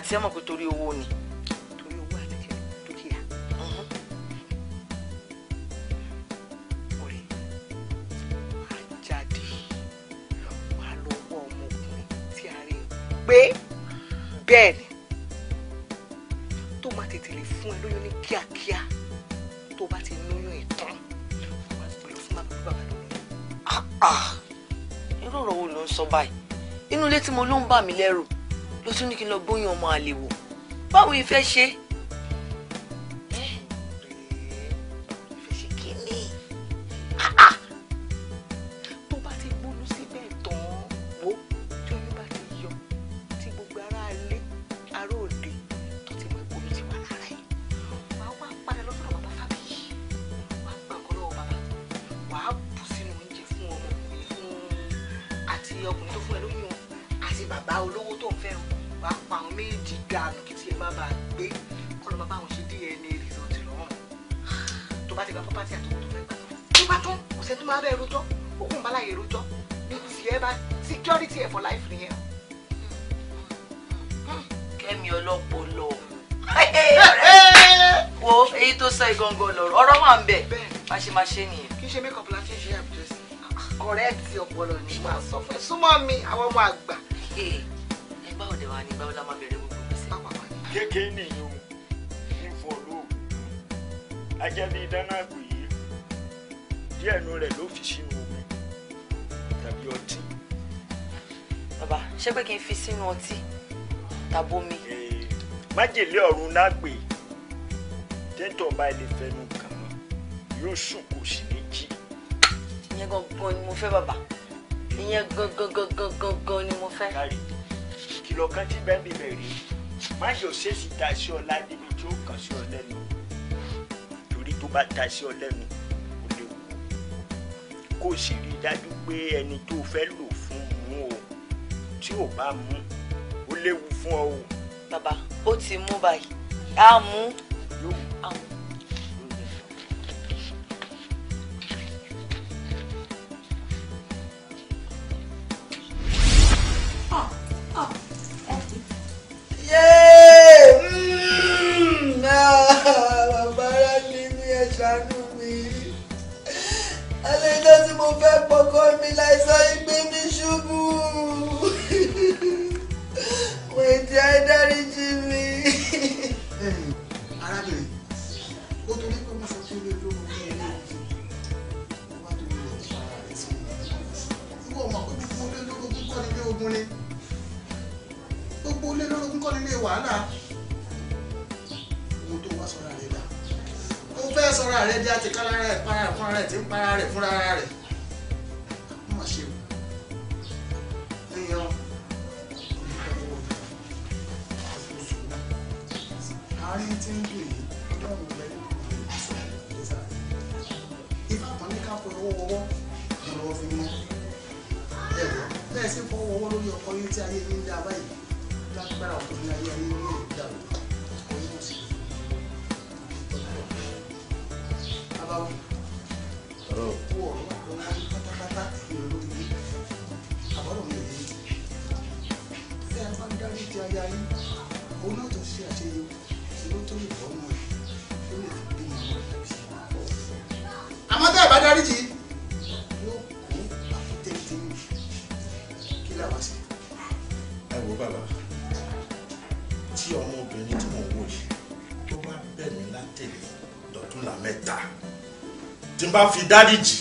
àti ọmọ pé torí owó ni. torí owó àti dúkìá. Uh-huh. ọ̀rẹ́ ajáde wà lọ́wọ́ ọmọkùnrin tí a rí pé bẹ́ẹ̀ ni tó máa tètè lè fún ẹ lóyún ní kíákíá tó bá ti lóyún ìtàn wà pẹ̀lú fún bàbá bàbá lóyún. Ah, ah. irú ọ̀rọ̀ wo ló ń sọ báyìí inú ilé tí mo ló ń bà mí lẹ́rù ló tún ní kí n lọ bóyá ọmọ àlè wò báwo ni fẹ́ ṣe lè gba property àtọwọ́ tó fẹ́ gbà tó bá tún kò sẹ́ni tó máa bẹ́ẹ̀ rojọ́ òkun bá láyè rojọ́ ní tiẹ̀ bá security ẹ̀ for life nìyẹn. kẹ́mi ọlọ́pọlọ wo èyí tó sọ ìgangan lọ́rọ̀ ọ̀rọ̀ wà ń bẹ má ṣe má ṣe nìyẹn. kì make up la fi ṣe àbùjọsí kọrẹ́ẹ̀tì ọpọlọ ni máa sọ fún ẹ súnmọ́ mi àwọn ọmọ àgbà.
ẹgbẹ́ òde wa ni báwo la máa bẹ̀rẹ̀ gbogbo gbèsè. kékeré nìyí o ajá bíi dáná àgbò yìí díẹ̀ nu rẹ̀ ló fi sínú omi tàbí ọtí. bàbá ṣé pé kí n fi sínú ọtí tàbí omi. májèlé ọ̀run lágbè tẹ́ńtọ̀ ọba ilé fẹnu kàn mọ́ yóò sùn kò sí ní jí. ìyẹn gangan ni mo fẹ́ bàbá ìyẹn gangan gangan gangan ni mo fẹ́. kárí kìlọ̀ kan tí bẹ́ẹ̀ bí bẹ̀rẹ̀ má yọ̀ ṣèṣì ta sí ọ ládé mi tí ó kàn sí ọ lẹ́nu bá ta sí ọ lẹ́nu kò léwu
kó sì rí i dájú pé ẹni tó fẹ́ lò fún mú o tí ò
bá mú ó léwu fún ọ o. bàbá ó ti mú báyìí á mú.
Yeah! Hmm. Mm ṣàánú mi ẹlẹ́dá tí mo fẹ́ pọkọ mi láìsàn ìgbé mi ṣubú wọ́n ètí àìdáríjì mi. arábìnrin ó torí pé mo sọ pé ilé ìlú mo ní ilé ìlú wá tó lè fa ẹsẹ̀
ìlú ọmọ pẹ̀lú mo lé lórogún kọ́ ogun ni gbogbo lé lórogún kọ́ wàhálà.
mo fẹ́ sọ̀rọ̀ àrẹ jẹ́ àti kára rẹ̀ para fúnra rẹ̀ tí ń para rẹ̀ fúnra rẹ̀ mo ṣe o
àárín tí ń dùn yìí ọlọ́run rẹ̀ ìfà kan ní ká fọ owó
ọwọ́ ìrànlọ́wọ́ fi mú ẹ̀rọ bẹ́ẹ̀ sì fọwọ́ ọwọ́ lórí ọkọ yín tí ayé yín dá báyìí lágbára ọkùnrin ayé yín ní ìdá.
aya yín òun náà tó ṣe àṣeyọrí ṣùgbọ́n tó lè bọ́ ọmọ ẹ̀ tó lè fi bí ọmọ ẹ̀ ṣe darí jì yóò kó
àfitẹ́tẹ́ mi kí làwa ṣe. ẹ wo bàbá tí ọmọbìnrin tí mò ń wò yìí tó bá bẹ̀ mí dọ̀tún là tí n bá fi dáríjì